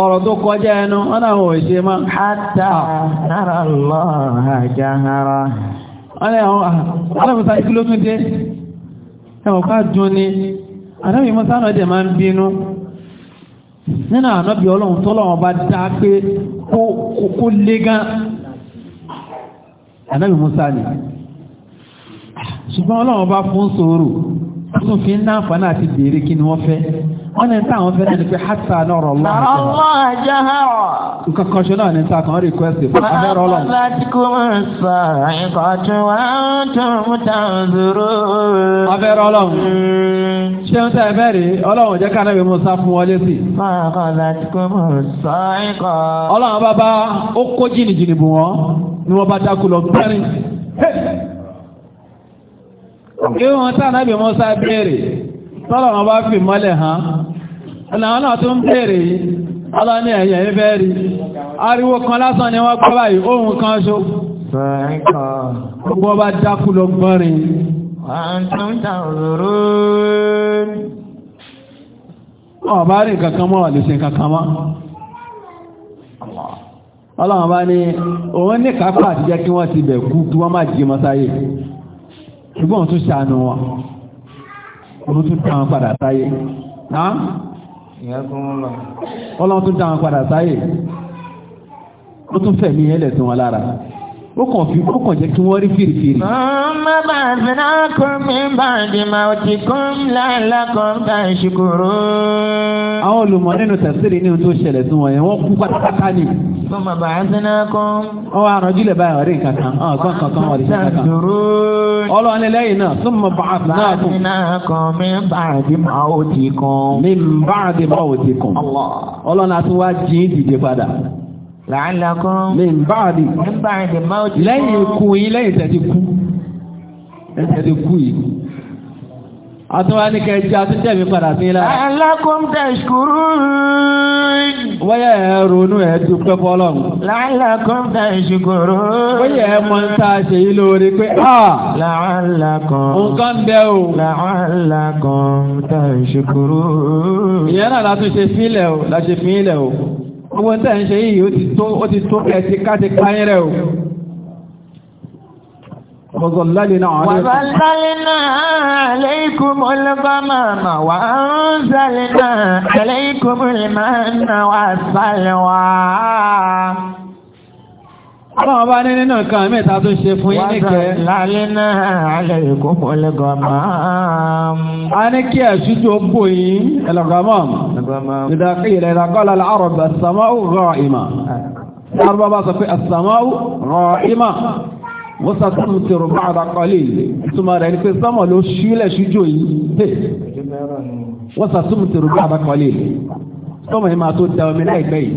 ọ̀rọ̀ tó kọjá ẹnu wọ́n náà wọ̀ ìṣe máa hátà nára lọ́ha jáhara alábùsá ikú ló tún dé ẹwọ̀n ká dún ní adábì mọ́sá náà dẹ̀ máa ń bínú nínú ànábì ọlọ́run tó lọ́wọ́ bá dá lé gán ṣùgbọ́n ọlọ́run bá fún sòrò tó fi ń náà fà náà ti béèrè kí ni wọ́n fẹ́ wọ́n ní táwọn fẹ́ náà pé hasa náà rọ̀ lọ́wọ́. Sọ̀rọ̀ lọ́ àjọ hàn. Nǹkan kan ṣe náà ní kan request fún abẹ́rẹ́ ọlọ́run. Bàbá ti kú sọ ìkọ̀tù wá tún tàn zòrò. Abẹ́rẹ́ ọlọ́run. Hmm. Ṣé ẹ bẹ́ẹ̀ Ọlọ́run jẹ́ Musa fún wọlé sí. Bàbá ti kú sọ ìkọ̀. Ọlọ́run bàbá ó kó jìnnìjìnnì bù wọ́n ni wọ́n bá dákú lọ tọ́lọ̀ wọn bá fi mọ́lẹ̀ hàn ọ̀nà náà tó ń bèèrè ọlọ́ní ẹ̀yẹ̀ rí ariwo kan lásán ni wọ́n pọ́ báyìí ohun kan ṣo gbogbo bá dákú lọ gbọ́rin wọ́n rí kankan mọ́ kankan mọ́ ọlọ́wọ́n bá ní òun ní kápá àti jẹ́ kí wọ́n ti òun tún dá wọn padà sáyé ọlọ́run tún dá wọn padà sáyé ó tún fẹ̀mí ẹlẹ́sìn wọn lára ó kàn fi ó kàn jẹ́ kí wọ́n rí fìrìfìrì. ọmọ bàbá kún mi bá di ma ò ti kún lálá kan bá ṣùkúrú. àwọn olùmọ̀ nínú tẹ̀síìrì ní ohun tó ṣẹlẹ̀ sí wọn yẹn wọ́n kú pátápátá ni. ọmọ bàbá kún. ó wá rànjú lè báyọ̀ rí nǹkan kan ọ̀ gbọ́n kankan wọ̀ rí nǹkan kan. ọlọ́ni lẹ́yìn náà tún mọ bàbá kún mi bá di ma ò ti kún. mi bá di ma ò ti kún. ọlọ́ni a tún wá jí dìde padà làálàkún. min báàdì. min báàdì máa jù. lẹ́yìn ikú yìí lẹ́yìn tẹ̀sí kú tẹ̀sí kú yìí. àtúwá ní kẹjì àtúntẹ̀mí padà sí lára. làálàkún tẹ̀síkúrú. wáyà ẹ ronú ẹ dúpẹ́ fọlọ́. làálàkún tẹ̀síkúrú. wáyà ẹ mọ ń tá a ṣe yí lóore pé a. làálàkún. nǹkan bẹ́ o. làálàkún tẹ̀síkúrú. ìyẹn náà la tún ṣe fílẹ̀ o la ṣe fílẹ̀ o. Gbogbo tẹ́ ń ṣe yìí ó ti tó kẹ̀ẹ́sí káti káyẹ́ rẹ̀ o. وظللنا عليكم وظللنا عليكم الغمام وأنزلنا عليكم المن والسلوى Báwọn bá ní nínú nǹkan mẹ́ta tó ṣe fún yín nìkẹ́. Lálẹ́ náà alẹ́ ìkó mọ́ lẹ́gọ̀ máa. A ní kí ẹ̀ṣú tó bò yín ẹlọ́gọ́mọ́. Ìdàkí ilẹ̀ ìdàkọ́lá àrọ̀ bẹ̀ sàmáwù rọ̀ ìmà. Lárúbá bá Wọ́n sàtún ti rò bá sọ́mọ̀ ló tó da omi láìpẹ́ yìí.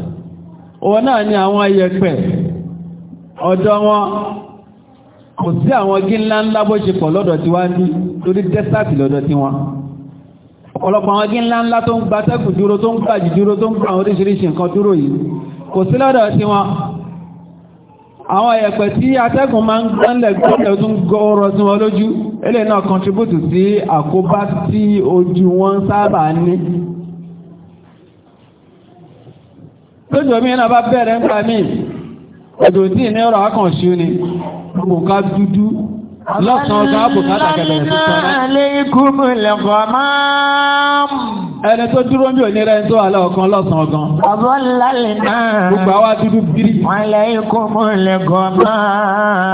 òun náà ni àwọn ayẹ̀pẹ̀ ọ̀dọ̀ wọn kò sí àwọn igi ńlá ńlá bó ṣe pọ̀ lọ́dọ̀ tí wá ní lórí dẹ́sàtì lọ́dọ̀ tí wọ́n ọ̀pọ̀lọpọ̀ àwọn igi ńlá ńlá tó ń gba tẹ́kùn dúró tó ń gbàjì dúró tó ń gba àwọn oríṣiríṣi nǹkan dúró yìí kò sí lọ́dọ̀ tí wọ́n àwọn ẹ̀pẹ̀ tí atẹ́kùn máa ń gbọ́nlẹ̀ gbọ́nlẹ̀ tó ń gọ́ọ̀rọ̀ sí wọn lójú eléyìí náà contribute sí àkóbá tí ojú wọn sábà ní lójú omi náà bá bẹ̀rẹ̀ ń pa mí ẹ̀dùn tí ní ọ̀rọ̀ akànṣú ni gbogbo ká dúdú lọ́sàn-án ọ̀gá àbùkátà kẹlẹ̀ sí sọ́rọ̀ ẹni tó dúró mi ò ní rẹ tó àlọ́ ọ̀kan lọ́sàn-án gan. ọ̀bọ̀ lálẹ́ náà. gbogbo àwa dúdú bírí. wọn lè kó mú lè gọ náà.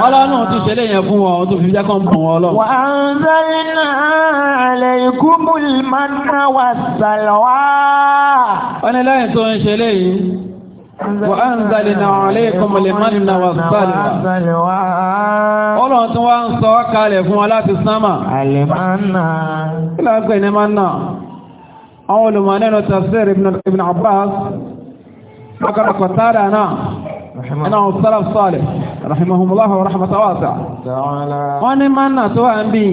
ọlọ́run ti ṣẹlẹ̀ yẹn fún wọn tó fi jákàn bùn wọn lọ. wọ́n sáré náà lè kú mú mọ́nà wà sàlọ́wà. wọ́n ní lẹ́yìn tó ń ṣẹlẹ̀ yìí. وأنزلنا عليكم المن والسلوى Ọlọ́run tí wọ́n ń sọ kalẹ̀ fún wa láti sánmà. Àlèmánà. Kí lágbẹ̀ ní máa náà? àwọn olùmọ̀nẹ́nu tafsir ibn abbas ọkàrà kọtàrà náà ẹ̀nà àwọn salaf salih rahimahumullah wa rahmatan wasi'a wọ́n ní máa náà tó wà ń bí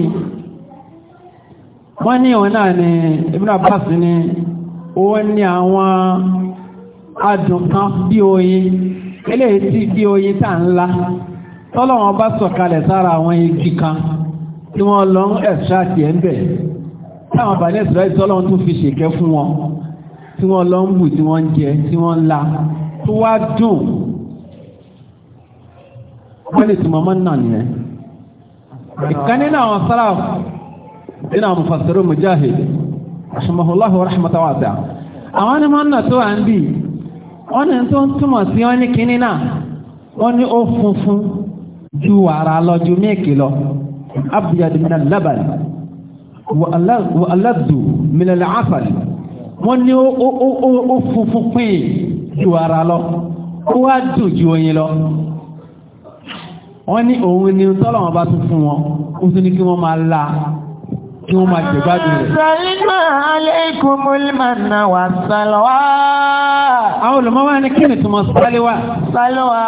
wọ́n ní òun náà ni ibn abbas ni ó ní àwọn adùn kan bí oyin eléyìí tí bí oyin tà ńlá tọ́lọ́wọ́n bá sọ̀kalẹ̀ sára àwọn igi kan tí wọ́n lọ ń ẹ̀ṣáàtì ẹ̀ táwọn bàálẹ̀ ìsìláì tọ́lọ́run tún fi ṣèkẹ́ fún wọn tí wọ́n lọ ń bù tí wọ́n ń jẹ tí wọ́n ń la tó wá dùn wọ́n lè túnmọ̀ mọ́ náà nìyẹn ìkan nínú àwọn sáraf nínú àwọn mufassiru mujahid rahimahullahu rahmatan wasi'a àwọn ni mọ́nà tó wà ń bì wọ́n ní tó ń túmọ̀ sí wọ́n ní kínní náà wọ́n ní ó funfun ju wàrà lọ ju míìkì lọ abiyadu minal laban wàhálàdù mílẹ̀lẹ̀ àfàlì wọ́n ní ó funfun pín ju ara lọ ó wá dùn ju oyin lọ wọ́n ní òun ni tọ́lọ̀wọ́n bá tún fún wọn ó tún ní kí wọ́n máa la kí wọ́n máa jẹ̀gbádùn àwọn olùmọ̀ ní kí ni túmọ̀ sálíwá. sálíwá.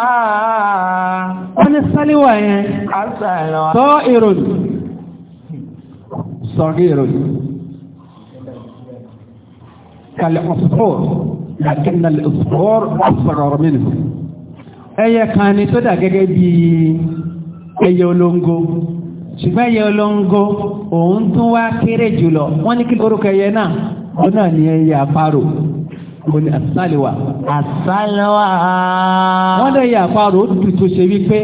wọ́n ní sálíwá yẹn. tọ́ ìròyìn. صغير كالعصفور لكن العصفور أصغر منه ẹyẹ kan ni tó dà gẹ́gẹ́ bí ẹyẹ olóńgó ṣùgbọ́n ẹyẹ olóńgó òun tún wá kéré jùlọ wọ́n ní kí orúkọ ẹyẹ náà òun náà ni ẹyẹ àparò òun ni àsálìwà. àsálìwà. wọ́n lè yẹ àparò tutù tó ṣe wípé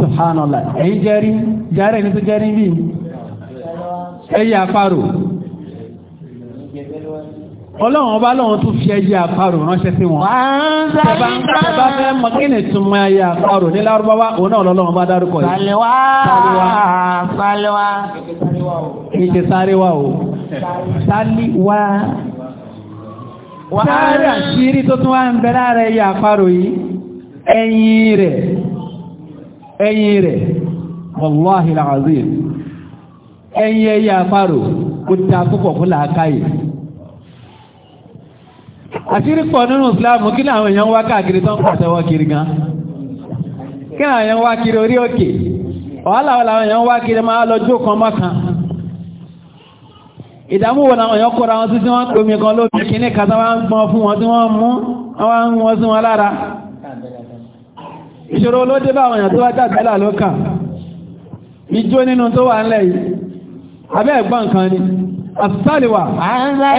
subhanallah ẹ̀yin jẹ́rí jẹ́rí ni tó jẹ́rí bíi. ẹyẹ àparò ọlọ́run ọba lọ́run tún fi ẹyẹ àparò ránṣẹ́ sí wọn tẹba fẹ́ mọ kí ni tún mọ ẹyẹ ní lárúbáwá òun náà lọ́lọ́run bá dárúkọ yìí sáréwá o sàlẹ̀wá sáárì tó tún wá ń bẹ lára ẹyẹ yìí ẹyin rẹ̀ ẹyin rẹ̀ wàláhìlà ẹyin ẹyẹ àparò kò ta púpọ̀ fún aka àṣírí pọ̀ nínú ìsìláàmù kí àwọn èèyàn wá káàkiri tó ń kiri gan. kí àwọn èèyàn wá kiri orí òkè wàhálà wọn làwọn èèyàn wá kiri lọ jó kan mọ́kan. ìdààmú wo làwọn èèyàn kóra wọn gbomi kan lómi kíní wọn ń fún wọn tí ń mú wọn ń sí wọn lára. ìṣòro abẹ́ ẹ̀gbọ́n kan ni asálíwà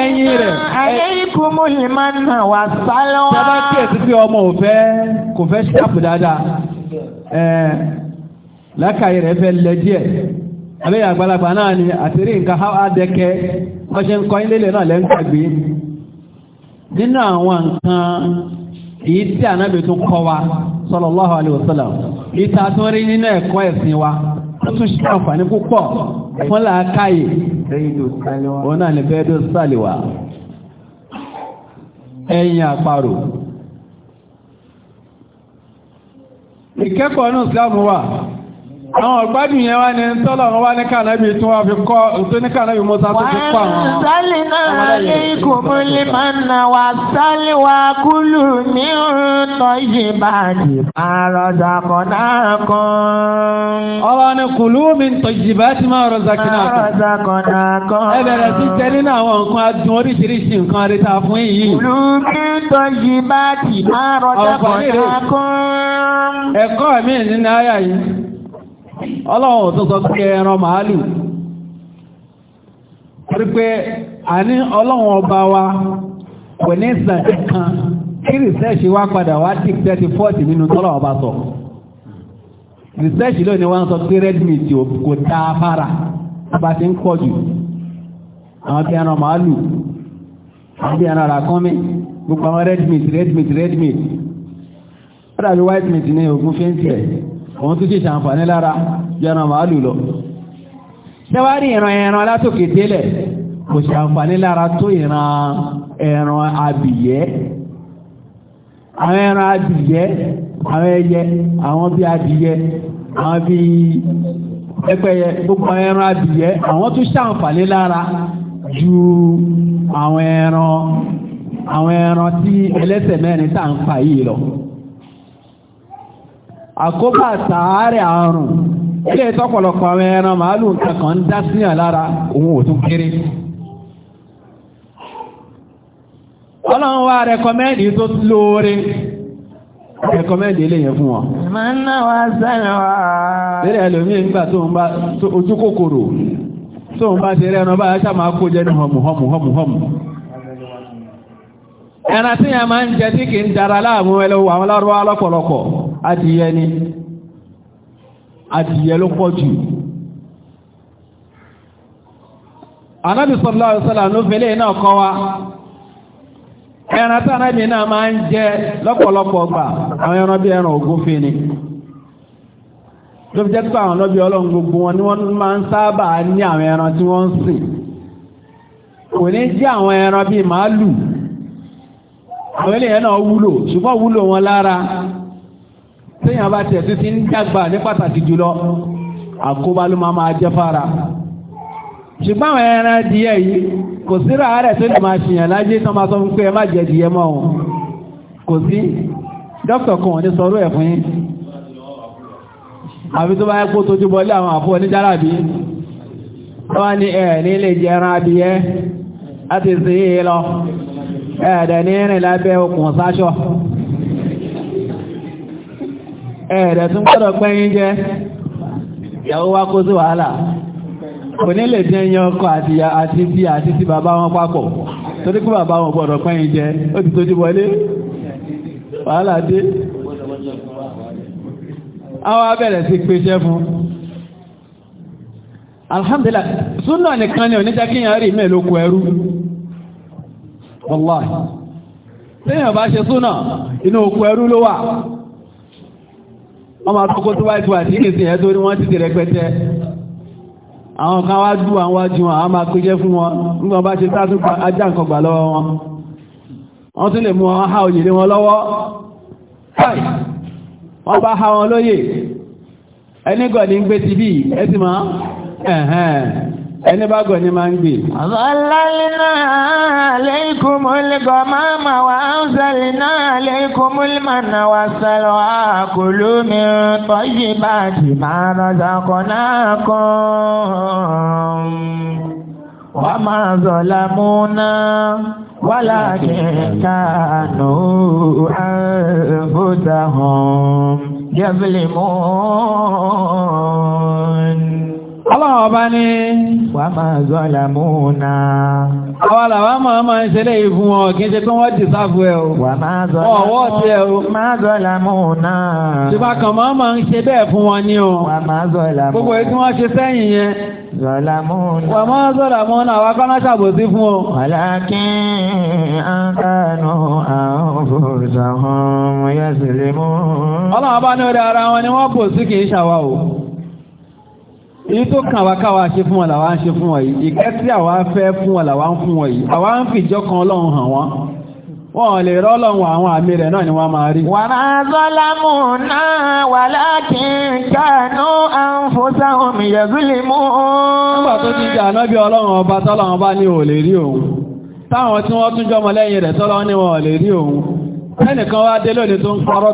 ẹ̀yìn rẹ̀ alaykumul manna wà sálọ́wà tẹ́bá tí èsì pé ọmọ òfẹ́ kò fẹ́ ṣàpù dáadáa ẹ̀ẹ́ lákàáyé rẹ̀ fẹ́ lẹ díẹ̀ abẹ́ àgbàlagbà náà ni àtìrí nǹkan àdẹ́kẹ́ ọṣẹ́ ń kọ́ ilé náà lẹ́ńkàgbé nínú àwọn nǹkan èyí wa rí nínú ẹ̀kọ́ ẹ̀sìn wa tún fún làákàyè òun náà ní bẹ́ẹ̀dù sàlìwà ẹ̀yìn àparò ìkẹ́kọ̀ọ́ náà Islam wà. àwọn ọ̀gbádùn yẹn wá ní tọ́lọ̀ wọn wá ní kànáàbì fi kọ́ tó ní kànáàbì Mùsá tó fi kọ́ àwọn. sálì náà lè kò mú lè máa nà wá sálì wá kúlù ní ọ̀rọ̀ yìí bá di àròjà kan náà ni kùlù mi ń tọ́ máa rọ̀jà náà rọ̀jà náà ẹ bẹ̀rẹ̀ sí ta fún yìí. ọlọ́wọ́ tó sọ pé ẹran màálù rí pé a ní ọlọ́wọ́ ọba wa kò ní ìsàn kan kí rìsẹ́ẹ̀ṣì wá padà wá dí 34 nínú tọ́lọ̀ ọba sọ rìsẹ́ẹ̀ṣì lónìí wọ́n sọ pé redmi tí kò dá fara bá ti ń pọ̀ jù àwọn bí ẹran màálù àwọn bí ẹran ràkúnmí gbogbo àwọn redmi redmi redmi ó dàbí white meat ní ogun fẹ́ǹsì òun tó jẹ́ ṣàǹfàní lára jẹ́ran màálù lọ ṣẹ́wárí ìran ẹran látòkè délẹ̀ kò ṣàǹfàní lára tó ìran ẹran abìyẹ́ àwọn ẹran abìyẹ́ àwọn ẹyẹ àwọn bí adìyẹ àwọn bí ẹgbẹ́yẹ gbogbo ẹran adìyẹ àwọn tó ṣàǹfàní lára ju àwọn ẹran àwọn ẹran tí ẹlẹ́sẹ̀ mẹ́rin tá à ń yìí lọ àkóbá àtàárẹ̀ àrùn ilé ìtọ́pọ̀lọpọ̀ àwọn ẹran màálù kankan ń dá lára ohun ò kéré ọlọ́run wá tó lóore ilé eléyẹn fún wọn. wa tó ń bá ojú tó bá ti máa kó ní ẹran tí máa ń tí láàmú adìyẹ ni adìyẹ ló pọ̀ jù anábì sallallahu alaihi ló fẹ́lẹ̀ náà kọ́ wa ẹran anábì náà máa ń jẹ lọ́pọ̀lọpọ̀ gbà àwọn ẹran bí ẹran ògúnfe ni fi jẹ́ pé àwọn ọlọ́bí ọlọ́run wọn ni wọ́n máa ń sábà ní àwọn ẹran tí wọ́n ń sìn kò ní jẹ́ àwọn ẹran màálù àwọn wúlò ṣùgbọ́n wúlò wọn lára téèyàn bá tiẹ̀ títí ń dàgbà ní pàtàkì jùlọ àkóbá ló máa máa jẹ́ fara ṣùgbọ́n àwọn ẹran adìyẹ yìí kò sí ràárẹ̀ tó lè máa ṣìyàn láyé tán máa sọ fún pé ẹ má jẹ adìyẹ mọ́ òun kò sí dókítà kan ò ní sọ̀rọ̀ ẹ̀ fún yín àfi tó bá yẹ kó tójú bọ́lé àwọn àfọ oníjàrá bí wọ́n ní ẹ̀ nílé jẹ ẹran adìyẹ láti sí i lọ ní rìn lábẹ́ okùn sáṣọ. ẹ̀ẹ̀dẹ̀ tún gbọ́dọ̀ pẹ́yìn jẹ́ ìyàwó wá kó sí wàhálà kò ní lè yan ọkọ àti tí àti tí bàbá wọn papọ̀ bàbá wọn gbọ́dọ̀ pẹ́yìn jẹ́ ó ti tójú wọlé wàhálà dé àwọn abẹ́rẹ̀ sí fún súnà nìkan ni oníjẹ́ kí yàn rí ẹrú wọ́n máa kọ́kọ́ tó báyìí tó wà síkè sí ẹ̀tọ́ ní wọ́n ti tẹ̀rẹ pẹ́tẹ́ àwọn kan wá dùn àwọn wájú wọn àwọn máa péjẹ́ fún wọn nígbà bá ṣe sátún ajá nǹkan gbà lọ́wọ́ wọn wọ́n tún lè mú wọn há òyè lé wọn lọ́wọ́ wọ́n bá ti bí máa ẹni bá gọ̀ ní máa ń gbé. Àbálálínà alaykum mọ́lẹ́gọ̀ máa ma wà ánzàlínà alaykum mọ́lẹ́mọ̀nà wà sàlọ̀ àkùlù mi tọ́jú bá ti máa rọ̀dà kan náà kan. Wà máa zọ̀lá múná. ولكن كانوا أنفسهم يظلمون Ọlọ́run ọba ní wà máa zọ́là múnà. Àwọn àlàwà máa máa ń ṣẹlẹ̀ ìfún wọn kí n ṣe pé wọ́n ti sáfù ẹ o. Wà máa zọ́là múnà. Ọwọ́ ti ẹ o. Máa zọ́là múnà. Ṣùgbọ́n kan máa máa ń ṣe bẹ́ẹ̀ fún wọn ní o. Wà máa zọ́là múnà. Gbogbo ètò wọn ṣe sẹ́yìn yẹn. Zọ́là múnà. Wà máa zọ́là múnà àwa kọ́ná ṣàbòsí fún o. Wàlákin àkànú àwọn fòrùsàn èyí tó kàn wá káwa ṣe fún wọn làwa ń ṣe fún wọn yìí ìkẹ́ tí àwa fẹ́ fún wọn làwa ń fún wọn yìí àwa ń fìjọ kan ọlọ́run hàn wọ́n wọ́n lè rọ́lọ́wọ́ àwọn àmì rẹ̀ náà ni wọ́n máa rí. wà máa zọ́lámù náà wà láti jàánú àǹfọ́sá omi yẹ̀gúlì mú nígbà tó ti jàánú bí ọlọ́run ọba tọ́lọ́run bá ní ò rí òun táwọn tí wọ́n tún jọmọ lẹ́yìn rẹ̀ tọ́lọ́run ní wọn ò rí òun ẹnìkan wá dé lónìí tó ń parọ́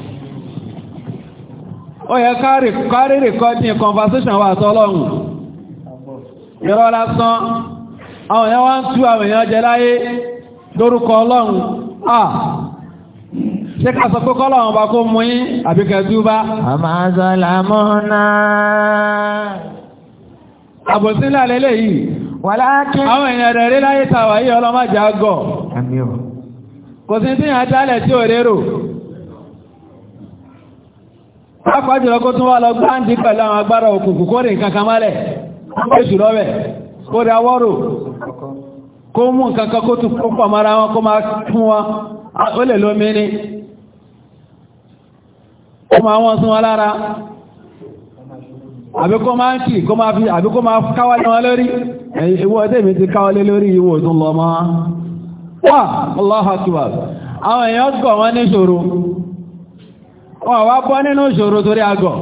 ó yẹ kárí rìkọ́dín conversation wà tọ́lọ́run ìrọ́ lásán àwọn èèyàn wá ń tú àwọn èèyàn jẹ láyé lórúkọ ọlọ́run ṣe ká sọ pé kọ́lọ́run bá kó mú yín àbíkẹ́tú bá àmàzọ́làmọ́nà àbòsílẹ̀ alẹ́lẹ́ yìí pàápàá kó tún wá lọ gbáǹdì pẹ̀lú àwọn agbára òkùnkùn kó rìn kankan mọ́lẹ̀ kó jùlọ kó awọ́rò kó mú nǹkankan kó tún púpọ̀ mara wọn kó máa fún wọn ó lè lómi ní kó máa wọ́n sún wọn lára àbí kó máa wọn lórí wọ́n bọ́ nínú ìṣòro torí agọ̀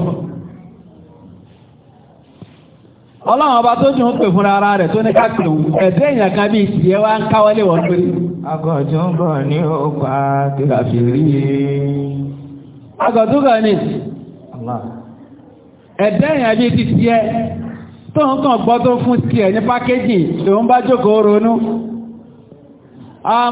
ọlọ́run ọba tó jùn pè fún ara rẹ̀ tó ní káàkiri ẹ̀dẹ́ èèyàn kan bí wá ń káwọ́lé wọ́n pé agọ̀jọ́ ń ní ọgbà kìràfìrí agọ̀dúgọ̀ ni ẹ̀dẹ́ èèyàn bí ti tó ń kàn gbọ́ tó fún ní pákéjì bá jókòó a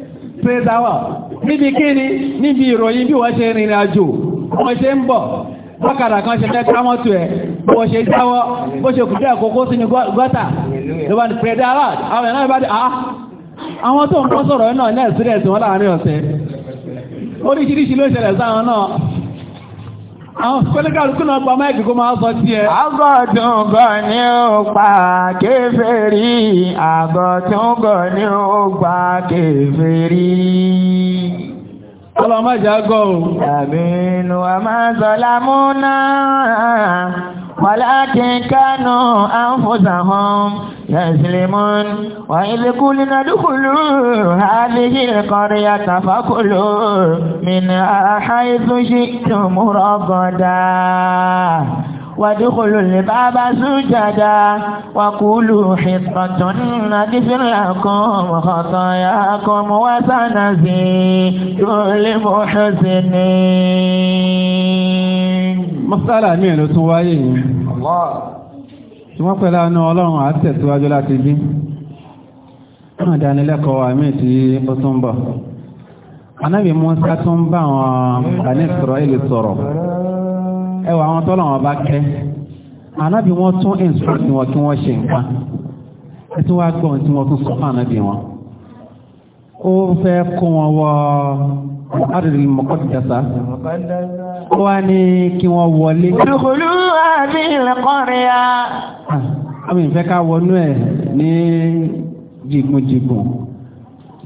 pẹ́dáwà níbi kíni níbi ìròyìn bí wọ́n ṣe rìnrìn àjò wọ́n ṣe ń bọ̀ bọ́kàrà kan ṣe mẹ́ta kámọ́tù ẹ̀ bọ́ ṣe jáwọ́ bó ṣe kùdí àkókò sínú gọ́tà lọ́wọ́ àwọn tó sọ̀rọ̀ náà ní àwọn kọ́lẹ́kàlùkù náà pa máìkì kó máa sọ sí ẹ. àgọ́túngọ̀ ni ó pa kéferì àgọ́túngọ̀ ni ó pa kéferì. ọlọ́mọ ìjà gọ́ o. àmínú àmọ́ sọlá múná. ولكن كانوا أنفسهم يسلمون وإذ قلنا ادخلوا هذه القرية فكلوا منها حيث شئتم رغدا وادخلوا الباب سجدا وقولوا حطة نغفر لكم خطاياكم وسنزيد للمحسنين mọ́sálà míì ló tún wáyé yìí tí wọ́n pẹ̀lú àánú ọlọ́run àtẹ̀síwájú láti bí wọ́n dánilẹ́kọ̀ọ́ àmì tí ó tún bọ̀ anábì Mùsá tún bá àwọn Bani Israeli sọ̀rọ̀ ẹwà àwọn tọ́lọ̀ wọn bá kẹ́ anábì wọn tún instruct wọn kí wọ́n ṣe nǹkan ẹ tún wá gbọ́n tí wọ́n tún sọ fún anábì o ó fẹ́ kó wọn àdìrí mọ̀kọ́dìjàsá. ó wá ní kí wọ́n wọlé. olùkùlù àbí ìlẹ̀kọ́rìá. àmì ìfẹ́ ká wọnú ẹ̀ ní jìgùnjìgùn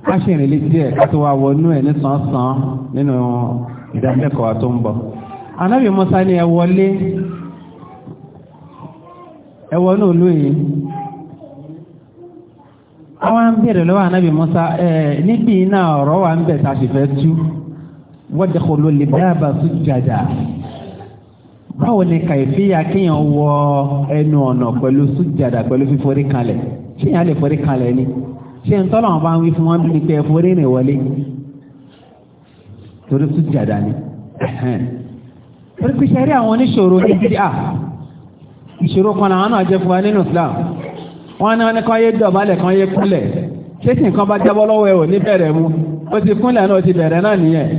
ká ṣe ìrìnlẹ̀ díẹ̀ ká tó wá wọnú ẹ̀ ní sàn-án nínú ìdánilẹ́kọ̀ọ́ tó ń bọ̀. anábì Musa ní ẹ wọlé ẹ wọnú ìlú yìí àwọn ń lọ́wọ́ anábì Musa níbi iná ọ̀rọ̀ wa ń bẹ̀ tá a sì fẹ́ tú wadkhulu al-baba sujjada báwo ni kàìfíyà kéèyàn wọ ẹnu ọ̀nà pẹ̀lú sujjada pẹ̀lú fíforí kalẹ̀ kéèyàn lè forí kalẹ̀ ni ṣé ń tọ́lọ̀ wọn bá ń wí fún wọn bí pé forí rìn wọlé torí sujjada ni torí pé ṣe rí àwọn oníṣòro ní bíi à ìṣòro kan làwọn náà jẹ́ fún wa nínú Islam wọ́n ní wọ́n ní kan yé dọ̀bálẹ̀ kan yé kúnlẹ̀ ṣé tí nǹkan bá jábọ́ lọ́wọ́ ẹ̀ ò ní bẹ̀rẹ̀ mu ó ti kúnlẹ̀ náà ó ti bẹ̀rẹ̀ náà nìyẹn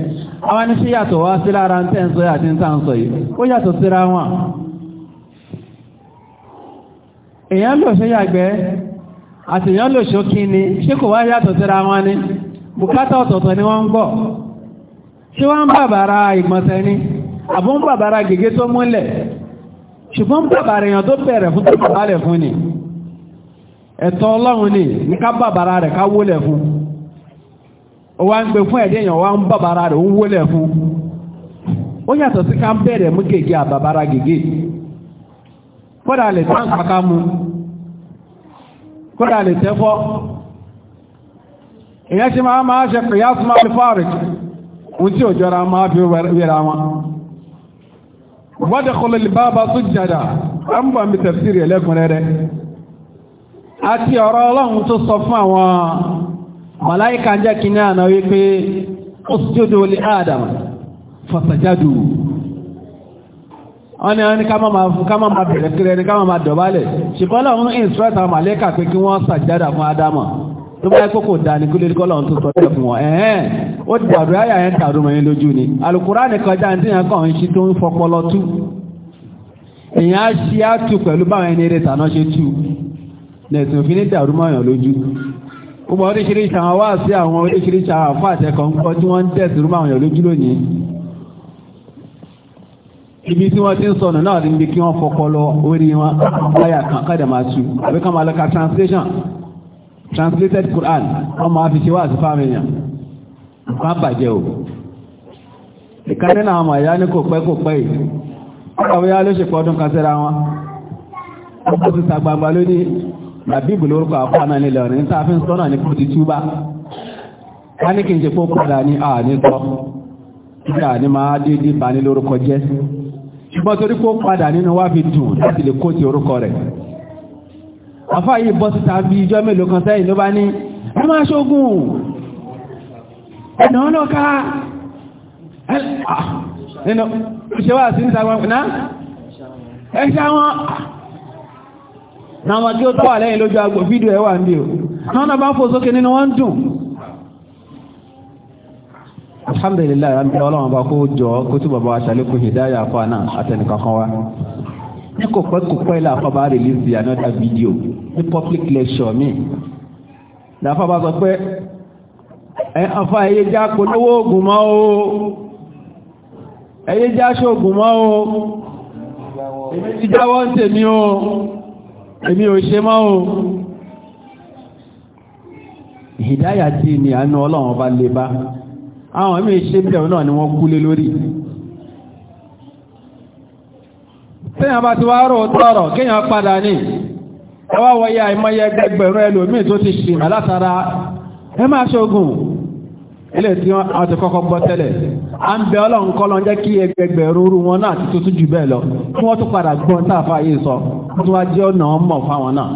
àwọn ní sí yàtọ̀ wá sí lára ń tẹ̀sọ́ àti ń tàǹsọ̀ yìí ó yàtọ̀ síra wọn. èèyàn lò ṣe yàgbẹ́ àti èèyàn lò ṣó ni ṣé kò wá yàtọ̀ síra wọn ni bùkátà ọ̀tọ̀ọ̀tọ̀ ni wọ́n ń gbọ́ ṣé wọ́n ń bàbára ìgbọ̀nsẹ̀ ni àbọ̀ ń bàbára gègé tó múlẹ̀ ṣùgbọ́n bàbára èèyàn tó bẹ̀rẹ̀ fún tó bàbálẹ̀ fún ni. ẹ̀tọ́ ọlọ́run ní ká bàbára rẹ̀ ká wólẹ̀ o wá ń gbé fún ẹ̀dẹ́ èèyàn wá ń bàbára rẹ̀ ó wólẹ̀ fún ó yàtọ̀ sí ká ń bẹ̀rẹ̀ mú gègé àbàbára gègé kódà lè tẹ́fọ́ èyàn ti máa máa ṣe pẹ̀yà fi ohun tí ò jọra máa fi wẹ́ra wọn wọ́dẹ̀kọlẹ̀ lè bá bá jàdà àti ọ̀rọ̀ ọlọ́run tó sọ fún àwọn màláìka ń jẹ́ kí ní àná wípé usjudu li Adam fasajadu wọ́n ni wọ́n ní ká máa máa bẹ̀rẹ̀ kiri ẹni ká máa máa dọ̀bálẹ̀ ṣùgbọ́n lọ́run instruct àwọn màláìka pé kí wọ́n sàjádà fún Ádámà tó bá kókò dání kí lórí kọ́lọ́run tó sọ tẹ̀ fún wọn tú pẹ̀lú báwọn ẹni eré tàná ṣe tú na òfin ní dàrú lójú gbogbo oríṣiríṣi àwọn wá sí àwọn oríṣiríṣi àwọn àfọ àtẹkọ̀ọ́ ńkọ tí wọ́n ń tẹ̀sí rú lójú ibi tí wọ́n ti ń sọnù náà ní ibi kí wọ́n lọ orí wọn láyà kan kádà máa su àbí translation translated Quran wọ́n máa fi ṣe wá sí fáwọn èèyàn nǹkan bàjẹ́ o ìkan nínú àwọn ní kò pẹ́ kò pẹ́ yìí ló ṣe ọdún kan Rabibu lórúkọ àkọ́ náà nílẹ̀ ọ̀rìn tá a fi ń sọ́nà ní kò ti túbá wá ní kí n ṣe pó padà ní àní sọ kí àní máa dédé bá ní lórúkọ jẹ́ ṣùgbọ́n torí pó padà nínú wá fi dùn láti lè kó ti orúkọ rẹ̀ afá yìí bọ́ síta bí ijọ́ mélòó kan sẹ́yìn ló bá ní ẹ máa ẹ̀nà ọ̀nà ká ṣe sí ní àwọn tí ó tọ́ àlẹ́yìn lójú agbò fídíò ẹwà ń bí o àwọn náà bá ń fò sókè nínú wọ́n ń dùn alhamdulillah an bẹ ọlọ́wọ́n bá kó jọ kó túbọ̀ bá wa ṣàlékún hidaya àná àtẹnìkankan wa ní kò pẹ́ kò pẹ́ ilé àfọ́ bá release another video ní public lecture mi làfọ́ bá sọ pé ẹ afa ẹyẹ já polówó oògùn mọ́ o ẹyẹ já ṣoògùn mọ́ o èmi ti jáwọ́ ń tèmi o èmi ò ṣe mọ́ o ìdáyà tí ni àánú ọlọ́run ọba lè bá àwọn mí ṣe bẹ̀rẹ̀ náà ni wọ́n kúlé lórí tẹ́yàn bá ti wá rò tọ́rọ kíyàn padà ní ẹwà wọ́yẹ àìmọ́yẹ gbẹgbẹ̀rún ẹlòmíì tó ti ṣì látara ẹ máa ṣogun ilé tí wọ́n ti kọ́kọ́ gbọ́ tẹ́lẹ̀ à ń bẹ ọlọ́run kọ́lọ́n jẹ́ kí ẹgbẹgbẹ̀rún rú wọn náà ti tuntun jù bẹ́ẹ̀ lọ kí wọ́n tún padà gbọ́n táàfà yìí sọ tí wọ́n jẹ́ ọ̀nà mọ̀ fáwọn náà.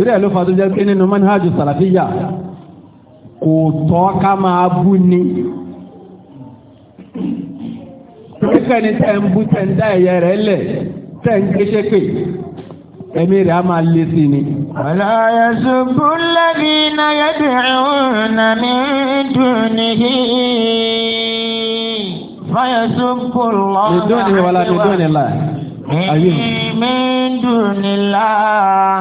ìrẹ́ ló fàtó jẹ́ pé nínú manhajù sàlàfíyà kò tọ́ ká máa bú ni. kíkẹ́ni tẹ́ ń bú tẹ́ ń dá ẹ̀yẹ rẹ̀ lẹ̀ tẹ́ ń gbéṣẹ́ pé ẹ̀mí rẹ̀ á máa lé sí ni. Wàlá yasubu alladhina yad'una min dunihi. Fayasubu Allah. Min dunihi wala min dunillah. Min dunillah.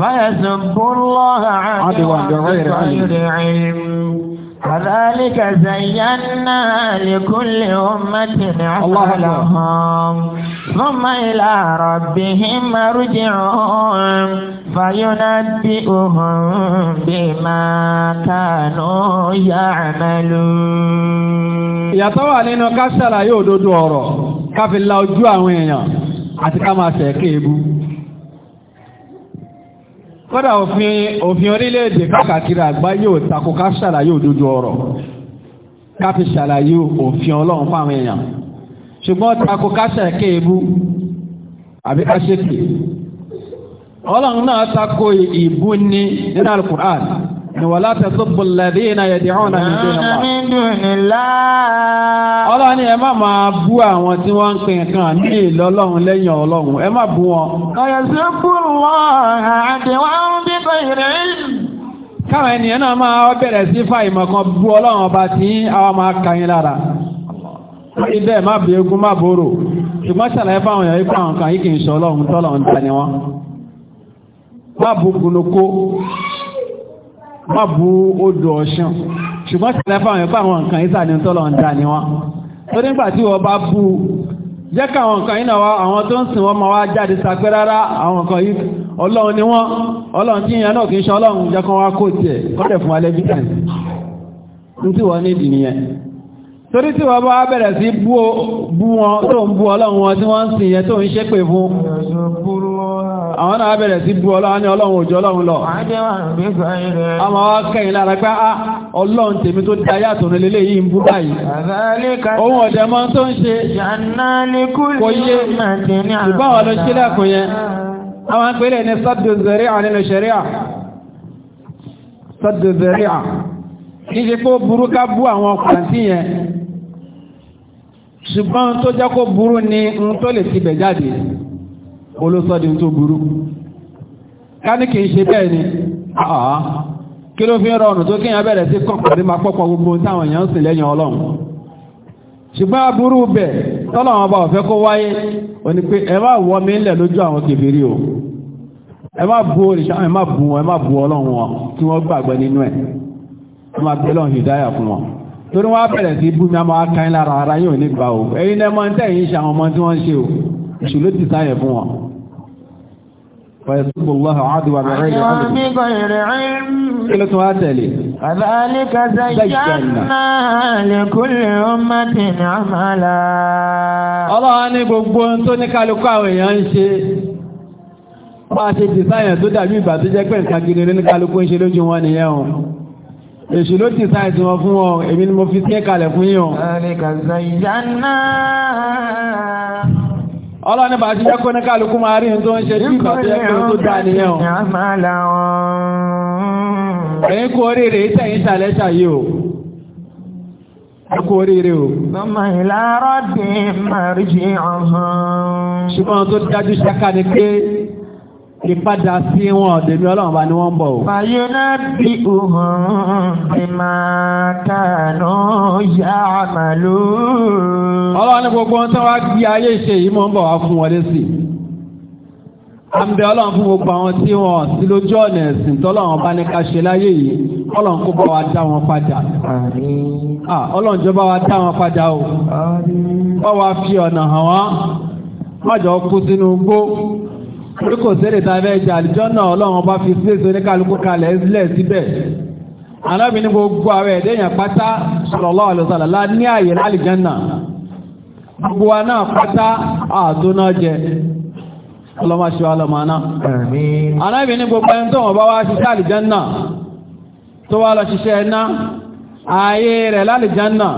Fayasubu Allah 'adwan bighayri 'ilm. كذلك زينا لكل أمة عملهم ثم إلى ربهم مرجعهم فينبئهم بما كانوا يعملون ìyàtọ̀ wà nínú ká ṣàlàyé òdodo ọ̀rọ̀ ká fi la ojú àwọn èèyàn àti ká máa ṣẹ̀kẹ́ ebu kódà òfin orílẹ̀-èdè káàkiri àgbáyé ò tako ká ṣàlàyé òdodo ọ̀rọ̀ ká fi ṣàlàyé òfin ọlọ́run fáwọn èèyàn ṣùgbọ́n tako ká ṣẹ̀kẹ́ ebú àbí ká ṣèké ọlọ́run náà tako ìbú ní nínú alukur'an wàlá tẹ̀sọ́bù lẹ́dínà yẹ̀dìhàn náà ní dùnìlá. ọlọ́run ni ẹ má máa bú àwọn tí wọ́n ń pè nǹkan ní ìlú ọlọ́run lẹ́yìn ọlọ́run ẹ má bú wọn. ọ̀yẹ̀sọ́bù wọn àdìwọ́n bí kò yẹrẹ káwọn ènìyàn náà máa bẹ̀rẹ̀ sí fa ìmọ̀kan bú ọlọ́run ọba tí àwọn máa ka yín lára lórí má bí egun má bòrò ṣùgbọ́n má bu odò ọ̀ṣun ṣùgbọ́n ṣẹlẹ̀ fáwọn ẹ̀fọ́ àwọn nǹkan yìí sàní tọ́lọ̀ ń dà ní wọn tó nígbà tí wọ́n bá bu jẹ́ ká àwọn nǹkan yìí náà wá àwọn tó ń sìn wọ́n máa wá jáde sapẹ́ rárá àwọn nǹkan yìí ọlọ́run ni wọ́n ọlọ́run tí ìyẹn náà kì í ṣe ọlọ́run jẹ́ kán wá kó tiẹ̀ kọ́dẹ̀ fún alẹ́ bí torí tí wọ́n bá bẹ̀rẹ̀ sí bú wọn tó ń bú ọlọ́run wọn tí wọ́n ń sìn yẹn tó ń ṣépè fún àwọn náà bẹ̀rẹ̀ sí bú ọlọ́run ní ọlọ́run òjò ọlọ́run lọ àmọ́ wá kẹ́yìn lára pé á ah, ọlọ́run tèmi tó da yàtọ̀ nílé yìí ń bú báyìí ohun ọ̀dẹ̀ mọ́ ṣùgbọ́n tó jẹ́ kó burú ni ń tó lè ti bẹ̀ jáde olóṣọ́dí tó burú ká ní ṣe bẹ́ẹ̀ ni àà kí ló fi ń rọrùn tó kíyàn bẹ̀rẹ̀ sí kọ̀kọ̀dé máa pọ́pọ̀ gbogbo táwọn èèyàn sì lẹ́yìn ọlọ́run ṣùgbọ́n aburú bẹ̀ tọ́lọ̀wọ́n ọba ọ̀fẹ́ kó wáyé o ní pé ẹ má wọ́ mi ńlẹ̀ lójú àwọn kèbèrè o ẹ má bu òrìṣà ẹ má bu ọlọ́run wọn tí wọ́n gbàgbọ́ nínú ẹ̀ ẹ má gbẹ́lọ́hìn dáyà fún wọn torí wọ́n á bẹ̀rẹ̀ sí bú mi àmọ́ akáyín lára ara yóò ní gbà o ẹ̀yin náà mọ́ tẹ́yìn ṣe àwọn ọmọ tí wọ́n ṣe o ìṣòro ti sáyẹ̀ fún wọn. فيسب الله عدوى بغير علم كل تواتلي كذلك زينا لكل أمة عملا الله ni gbogbo ohun tó ní kálukú àwọn èèyàn ń ṣe bá a ṣe dìsáyẹ̀ tó dàbí èṣù ló ti sáyẹn tí wọn fún ọ èmi ni mo fi tẹ́ kalẹ̀ fún yín o. ọlọ́ni bá ti jẹ́ kó ní kálukú máa rí ohun tó ń ṣe tí ìgbà tó yẹ kó tó dá nìyẹn o. ẹ̀yin kú oríire ìtẹ̀yìn ìsàlẹ̀ ṣàyè o ẹkú oríire o. Lọ́mọ ìlàrọ̀ dín màrí jí ọ̀hún. Ṣùgbọ́n tó dájú ṣáká ni pé ìpadà sí wọn ọ̀dẹ̀mí ọlọ́run bá ní wọ́n ń bọ̀ o. fàyè náà bí òun ti máa kànú yá màlú. ọlọ́run ní gbogbo ohun tí wọ́n gbé ayé ṣe yìí mọ́ ń bọ̀ wá fún wọlé sí. a ń bẹ ọlọ́run fún gbogbo àwọn tí wọ́n sí lójú ọ̀nà ẹ̀sìn tọ́lọ́run bá ní ká ṣe láyé yìí ọlọ́run kó bá wa dá wọn padà. ọlọ́run jọba wa dá wọn padà o. wọ́n wá fi ọ̀nà hàn wọ́n má jọ kú sínú gbó torí kò sẹ́lẹ̀ tá a fẹ́ jẹ àlùjọ náà ọlọ́run bá fi sílẹ̀ sórí kálukú kalẹ̀ sílẹ̀ síbẹ̀ alábi ní gbogbo àwọn ẹ̀dẹ́yàn pátá sallallahu alaihi wasallam ní ààyè lálìjánà gbogbo wa náà pátá àtúná jẹ ọlọ́máṣíwá lọ́mọ́ná alábi ní gbogbo ẹni tó wọ́n bá wá ṣiṣẹ́ àlìjánà tó wá lọ ṣiṣẹ́ ẹ̀ná ààyè rẹ̀ lálìjánà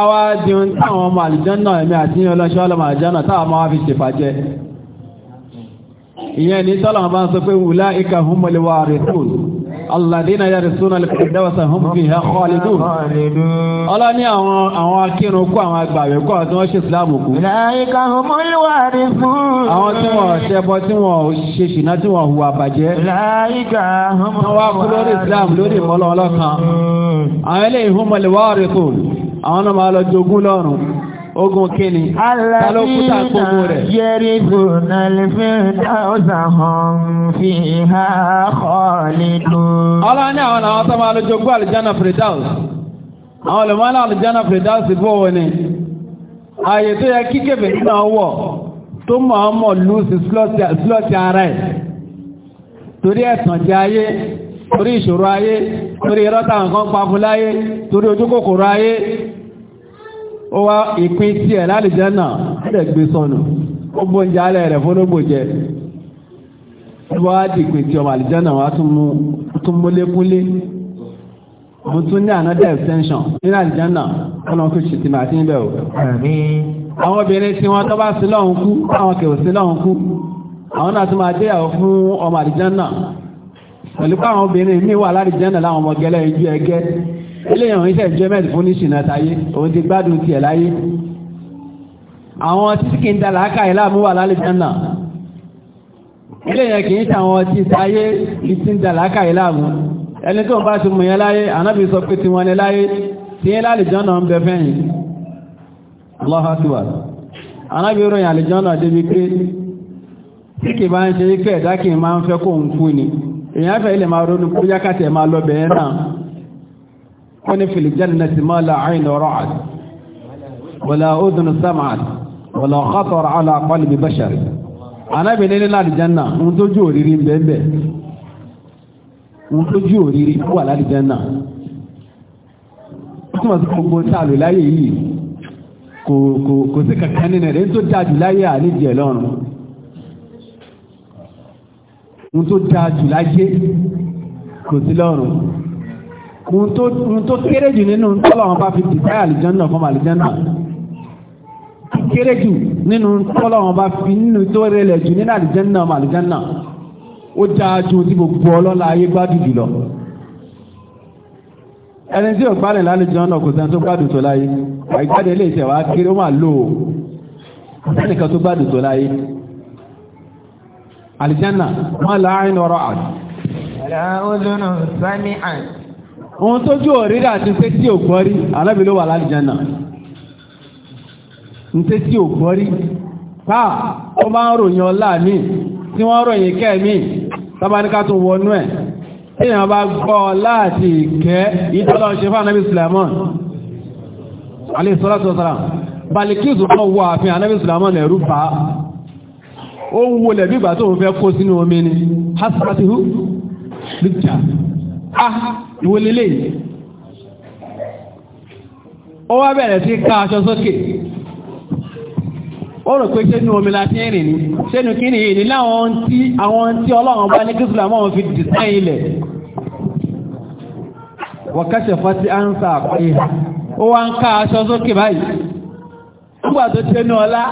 àwa dìun táwọn ọmọ àlìjánà ẹ̀mí àti ọlọ́ṣọ́ ọlọ́mọ àlìjánà táwọn máa fi ṣèfàjẹ́ ìyẹn ní sọ́lọ́mù bá ń sọ pé wùlá ìka humul warithun alladina yarisuna al-firdawsa hum fiha khalidun ọlọ́ni àwọn àwọn akírun kú àwọn agbàwẹ̀ kú àwọn tí wọ́n ṣe islam kú. àwọn tí wọ́n ṣẹbọ tí wọ́n ṣe ṣìnà tí wọ́n hùwà bàjẹ́. wọ́n wá kú lórí islam lórí ìmọ̀lọ́ ogun kíni alẹ́bíná yẹrí fúnà lè fi dáúsà hàn fi ha kọ́lìdù. ọlọ́run ní àwọn àwọn sọ́mọ́ alójógbó àlùjánà fredaus àwọn olùmọ́lá àlùjánà fredaus bó wọn ni ààyè tó yẹ kí kébè nínú ọwọ́ tó mọ̀ ọ́ mọ̀ lùsì slọ́ọ̀tì ara ẹ̀ torí ẹ̀tàn jẹ́ ayé torí ìṣòro ayé torí irọ́ta nǹkan pa fún láyé torí ojúkòkòrò ayé ó wá ìpín tí ẹ̀ lálìjẹ́ náà ẹ̀dẹ̀ gbé sọnù ó gbóúnjẹ alẹ́ rẹ̀ fólógbò jẹ ó wá di ìpín tí ọmọ àlìjẹ́ náà wá tún múlékúnlé mo tún ní another extension nínú àlìjẹ́ náà ọlọ́run kò ṣètì màá ti ń bẹ̀ o. àwọn obìnrin tí wọ́n tó bá sí lọ́hùn kú àwọn kò sí lọ́hùn kú àwọn náà tún máa déyàwó fún ọmọ àlìjẹ́ náà pẹ̀lú pé àwọn obìnrin míì wà lálìjẹ́ náà láwọn ọmọ gẹ́lẹ́ ojú ẹgẹ́ eléyàn iṣẹ́ enjoyment fún ní ṣìnà táyé òun ti gbádùn ti ẹ̀ láyé àwọn títí kí ń da làákà ẹ̀ láàmú wà eléyàn kì í tàwọn ti táyé ìtí ń da làákà ẹ̀ láàmú ẹni tó ń bá ti mú yẹn láyé ànábì sọ pé ti wọn ni láyé tí yẹn lálẹ́jánà ń bẹ fẹ́yìn Allahu Akbar ànábì ròyìn àlẹ́jánà débi pé tí kì bá ń ṣe ikẹ́ ẹ̀dá kì í máa ń fẹ́ kóhun kú ni èèyàn fẹ́ ilẹ̀ máa wọ́n ní fil jannati ma la ayn ra'at wala udhun sam'at wala khatar ala qalbi bashar anábìnrin ní lálìjánná ń tójú òrírí ń bẹ́ẹ̀ bẹ́ẹ̀ ń tójú òrírí wà lálìjánná túmọ̀ sí gbogbo sáàlù láyé yìí kò kò kò sí kankan nínú rẹ̀ tó dáa jù láyé àníjì ẹ̀ lọ́rùn ń tó dáa jù láyé kò sí lọ́rùn ohun tó kéré jù nínú tọ́lọ́wọ́n bá fi dìtáyà àlìjánà fún àlìjánà kéré jù nínú tọ́lọ́wọ́n bá fi nínú tó rẹlẹ̀ jù nínú àlìjánà fún àlìjánà ó dáa ju ti gbogbo ọlọ́lá ayé gbádùn jùlọ ẹni tí ò gbádùn lálejò náà kò sẹ́ni tó gbádùn tó láyé àìgbádùn ilé ìṣẹ̀wá kéré ó lò ó ẹnìkan tó gbádùn tó láyé àlìjánà wọn là á àti. ẹ̀rọ ọdún náà sani àti ohun tójú òrírà àti sétí ògbọ́rí alábi ló wà lálìjánà ń sétí ògbọ́rí káà ó máa ń ròyìn ọlá mi tí wọ́n ròyìn kẹ́ mi sábáníká tó wọnú ẹ̀ èèyàn bá gbọ́ láti ìkẹ́ ìtọ́lọ́ ṣe fún anábì Sulaiman alayhi salatu wassalam Balikisu náà wọ ààfin anábì Sulaiman ẹ̀rú bá ó ń wọlẹ̀ bí ìgbà tó ìwòlélé ó wá bẹ̀rẹ̀ sí ká aṣọ sókè ó rò pé ṣénú omi láti rìn ní ṣénú kí ní ìrìn láwọn tí àwọn tí ọlọ́run bá ní kíṣùlá mọ́ fi dìsáì ilẹ̀ wọ̀kẹ́ṣẹ̀ fọ́tí á ń sa àpáyé ó wá ń ká aṣọ sókè báyìí nígbà tó ṣénú ọlá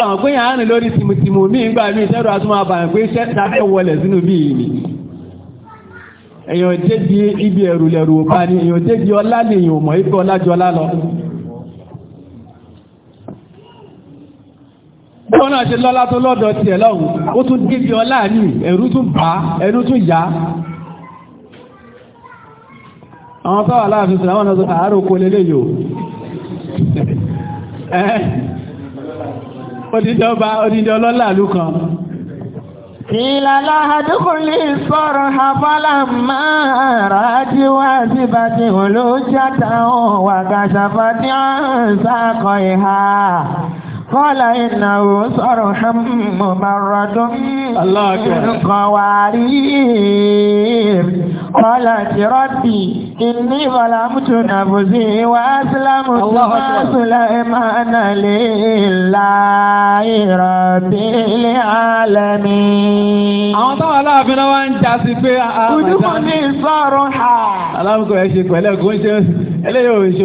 àwọn èèyàn débi ibi ẹ̀rù lẹ̀rù ọba ni èèyàn débi ọlá lè yàn mọ̀ ibi ọlá jọ ọlá lọ. bọ́n náà ṣe lọ́lá tó lọ́dọ̀ tiẹ̀ lọ́hùn ó tún débi ọlá ní ẹ̀rù tún bá ẹ̀rù tún yá. àwọn táwà láàfin sọ̀rọ̀ àwọn ọ̀sán àárò kó lélẹ̀ yòó. odidi ọba odidi ọlọ́lá àlú kan. قيل لها ادخلي الصرح فلما رأت واسبت غلوشته وكشفت عن ساقيها Kọ́lá iná ah, ah, ò sọ̀rọ̀ hàmù màrọ̀dún nǹkan wà rí Kọ́lá ti rọ́bì inú ìbọ̀lá mútu nà bù sí wá sílámù tó wá sílá ìmáàna lè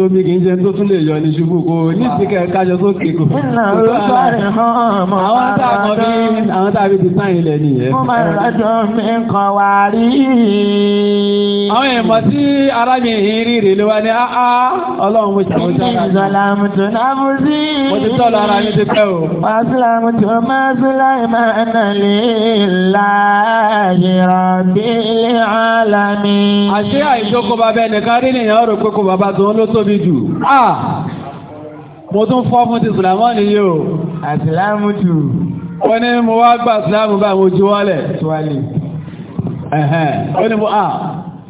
omi kì í tó tún lè yọ ní ṣubú kò ní ìsìnkẹ́ kájọ sókè kò. Iná àwọn tààmọ́ bí àwọn tààbí ti sáyìn ilẹ̀ nìyẹn. mo máa rọ́jò mi kan wá rí. àwọn èèmọ̀ tí ara mi yìí rí rè ló wá ní áá ọlọ́run mo ṣàwọn sọ́ra. ìdí ìzọ̀lá mo tún náà mú sí. mo ti tọ́lọ ara mi ti pẹ́ o. wàásùlà mo tún máa súlá ìmọ̀ràn lè láàyè rọ̀bí lálámì. àṣé àìjókòó bàbá ẹnìkan rí nìyẹn ó rò pé kò bàbá tó ń lọ tóbi jù. Ah! mo tún fọ́ fún ti sùlámọ́nì yìí o. àsìlámù tù. ó ní mo wá gba sùlámù bá mo ju wọlé. tuwalè. ó ní mo à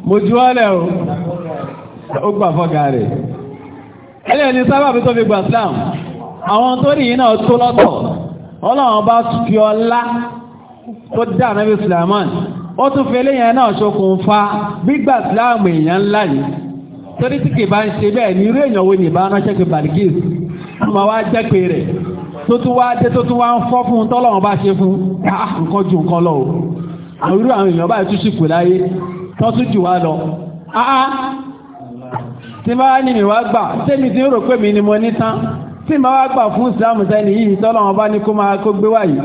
mo ju wọlé o. ó gbà fọ́gà rẹ̀. ẹlẹ́yìn ni sábàbí tó fi gba sùlámù. àwọn tó nìyí náà tó lọ́tọ̀. ọlọ́run bá fi ọlá tó dá ànábì sùlámọ́nì. ó tún fi eléyìn náà ṣokùnfà gbígbà sùlámù èèyàn ńlá yìí torí tí kì bá ń ṣe bẹ́ẹ̀ ní irú èèyàn wo ní ìbá ránṣẹ́ pé ọmọ wa jẹ́ pé rẹ̀ tó tún wá dé tó tún wá ń fọ́ fún un tọ́lọ́run bá ṣe fún ah, ah, nǹkan ju nǹkan lọ o àwọn irú àwọn èèyàn báyìí tún sì kù láyé tó tún jù wá lọ ah, tí máa ní mi wá gbà tẹ́mi tí ó rò pé mi ni mo ní tán tí máa wá gbà fún ìsìlámù sẹ́ni yìí tọ́lọ́run bá ní kó máa kó gbé wáyìí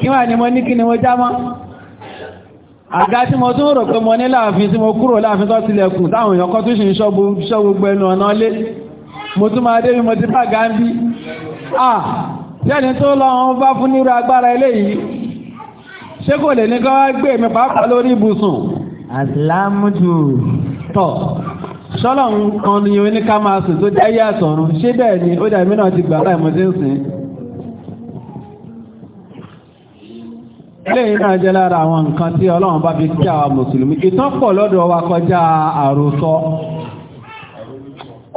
kí wà ní mo ní kí ni mo já mọ́ àga tí mo tún rò pé mo ní láàfin tí mo kúrò láàfin tó tilẹ̀kùn táwọn èèyàn kọ́ tún ṣe ń ṣọ́ gbogbo ẹnu ọ̀nà lé mo tún máa dé ah sẹ́ni tó lọ́wọ́n bá fún nírú agbára eléyìí ṣé kò lè ní kí wọ́n gbé mi pàápàá lórí ibùsùn. àsìlámùjù tọ̀ sọ́lọ̀ ń kan ni oníká máa sùn tó dáyé àtọ̀run ṣé bẹ́ẹ̀ ni ó dàbí náà ti gbà láì mo ti ń sìn. eléyìí náà jẹ́ lára àwọn nǹkan tí ọlọ́run bá fi kí àwa mùsùlùmí ìtọ́pọ̀ lọ́dọ̀ wa kọjá àròsọ.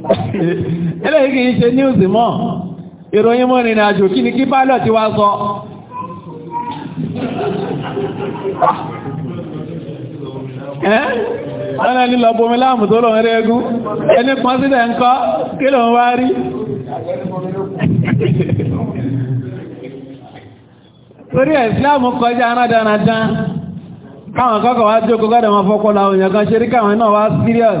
eléyìí kìí ṣe news mọ́ ìròyìn mọ́ ìrìn àjò kí ni kí bálọ̀ ti wá sọ ọ̀nà ní lọ bomi láàmù tó lọ rẹ̀ egún ẹni kan sílẹ̀ ń kọ́ kí lọ wá rí torí ẹ̀sìláàmù kọjá arádáradá káwọn kọ́kọ̀ wá jókòó gọ́dọ̀ wọn fọ́kọ́ láwọn èèyàn kan ṣe rí káwọn náà wá serious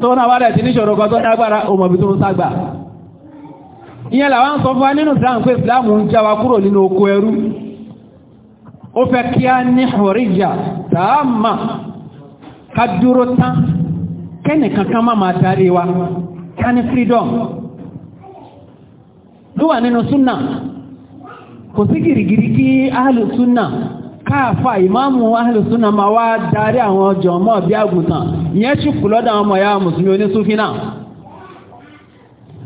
tó náà wá rẹ̀ ti ní ṣòro kan tó dágbára òmòbí tó ń ságbà ìyẹn làwọn sọ islam pé islam ń já wa kúrò nínú oko ẹrú ó fẹ́ kí a ní tààmà ká dúró kankan má máa darí wa ká freedom ló wà nínú súnà kò sí gìrìgìrì kí áàlù súnà káàfà ìmáàmù ahlùsúnà máa wá darí àwọn ọjọ́ mọ́ bí àgùntàn ìyẹn ṣùkú lọ́dọ̀ àwọn ọmọ ya mùsùlùmí onísúfí náà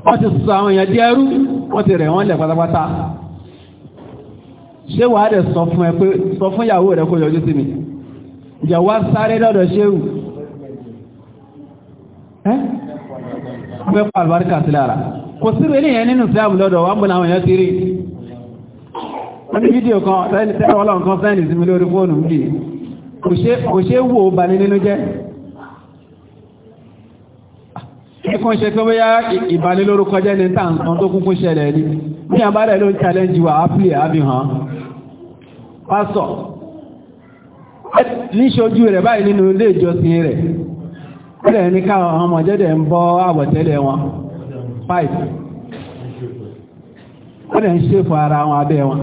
wọ́n ti sọ àwọn èèyàn di ẹrú wọ́n ti rẹ̀ wọ́n lẹ̀ pátápátá ṣé wàá dẹ̀ sọ fún ẹ pé sọ fún ìyàwó rẹ kó yọjú sí mi ìyàwó á sáré lọ́dọ̀ ṣéwù ẹ́ pẹ́ pàlùbáríkà sílára kò sí wọ́n ní fídíò kan sẹ́ni kan sẹ́ni sí mi lórí fóònù kò ṣe wò ó bani nínú jẹ́ ẹkùn ṣe tó bóyá jẹ́ ní tàǹkan tó kún ṣẹlẹ̀ ní ní àbárẹ̀ ló ń challenge wa ápìlì àbíhàn pásọ̀ níṣojú rẹ̀ báyìí nínú ilé ìjọsìn rẹ̀ ní káwọn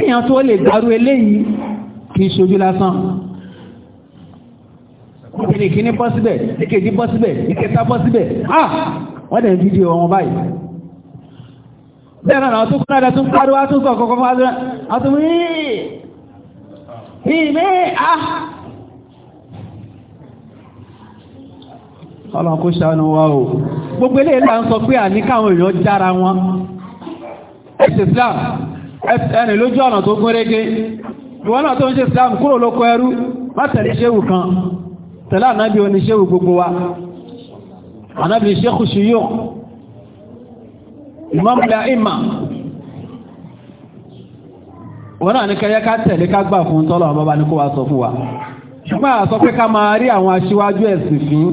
kíyàn tó lè dárú eléyìí kì í ṣojú lásán obìnrin kìíní bọ́ síbẹ̀ ìkejì bọ́ síbẹ̀ ìkẹta bọ́ síbẹ̀ ah wọ́n dẹ̀ fídíò wọn báyìí bẹ́ẹ̀ náà tó kọ́ dáadáa tó ń pariwo àtúnkọ̀ kọ̀kọ́ fún àtúnkọ̀ ìmẹ́ ah ọlọ́run kó ṣàánú wa o gbogbo eléyìí là ń sọ pé àníkàwọn èèyàn jára wọn ẹni lójú ọ̀nà tó gún régé ìwọ́n náà tó ń ṣe islam kúrò lóko ẹrú má tẹ̀lé ṣéwù kan tẹ̀lé ànábì oníṣéwù gbogbo wa ànábì ṣékù ṣíyò ìmọ̀mùlẹ̀ ìmà wọ́n náà ní kẹyẹ ká tẹ̀lé ká gbà fún tọ́lọ̀ ọmọba ní kó wa sọ fún wa ṣùgbọ́n àsọ pé ká máa rí àwọn aṣíwájú ẹ̀sìn fún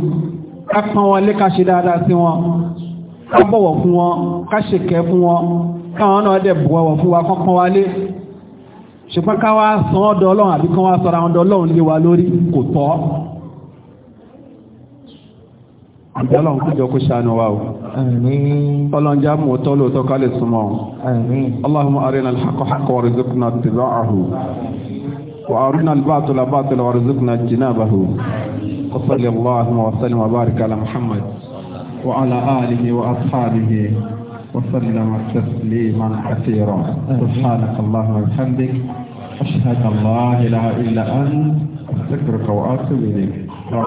ká pọn wọn lé ká ṣe dáadáa sí wọn ká bọ̀wọ̀ fún wọn ká ṣèkẹ́ fún wọn káwọn náà dẹ̀ bu ọwọ́ fún wa kọ́kọ́ wálé ṣùgbọ́n ká wá san ọ́dọ̀ ọlọ́run àbí kán wá sọ̀rọ̀ àwọn ọ̀dọ̀ ọlọ́run lé wa lórí kò tọ́ àbí ọlọ́run kó jọ kó ṣàánú wa o ọlọ́run mú ọtọ́ lóòótọ́ ká lè súnmọ́ o Allahumma arina al-haqqa haqqan warzuqna ittiba'ahu wa arina al-batila batila warzuqna ijtinabahu wa sallallahu wa sallim wa barika وسلم تسليما كثيرا سبحانك اللهم وبحمدك أشهد أن لا إله إلا أنت أستغفرك وأتوب إليك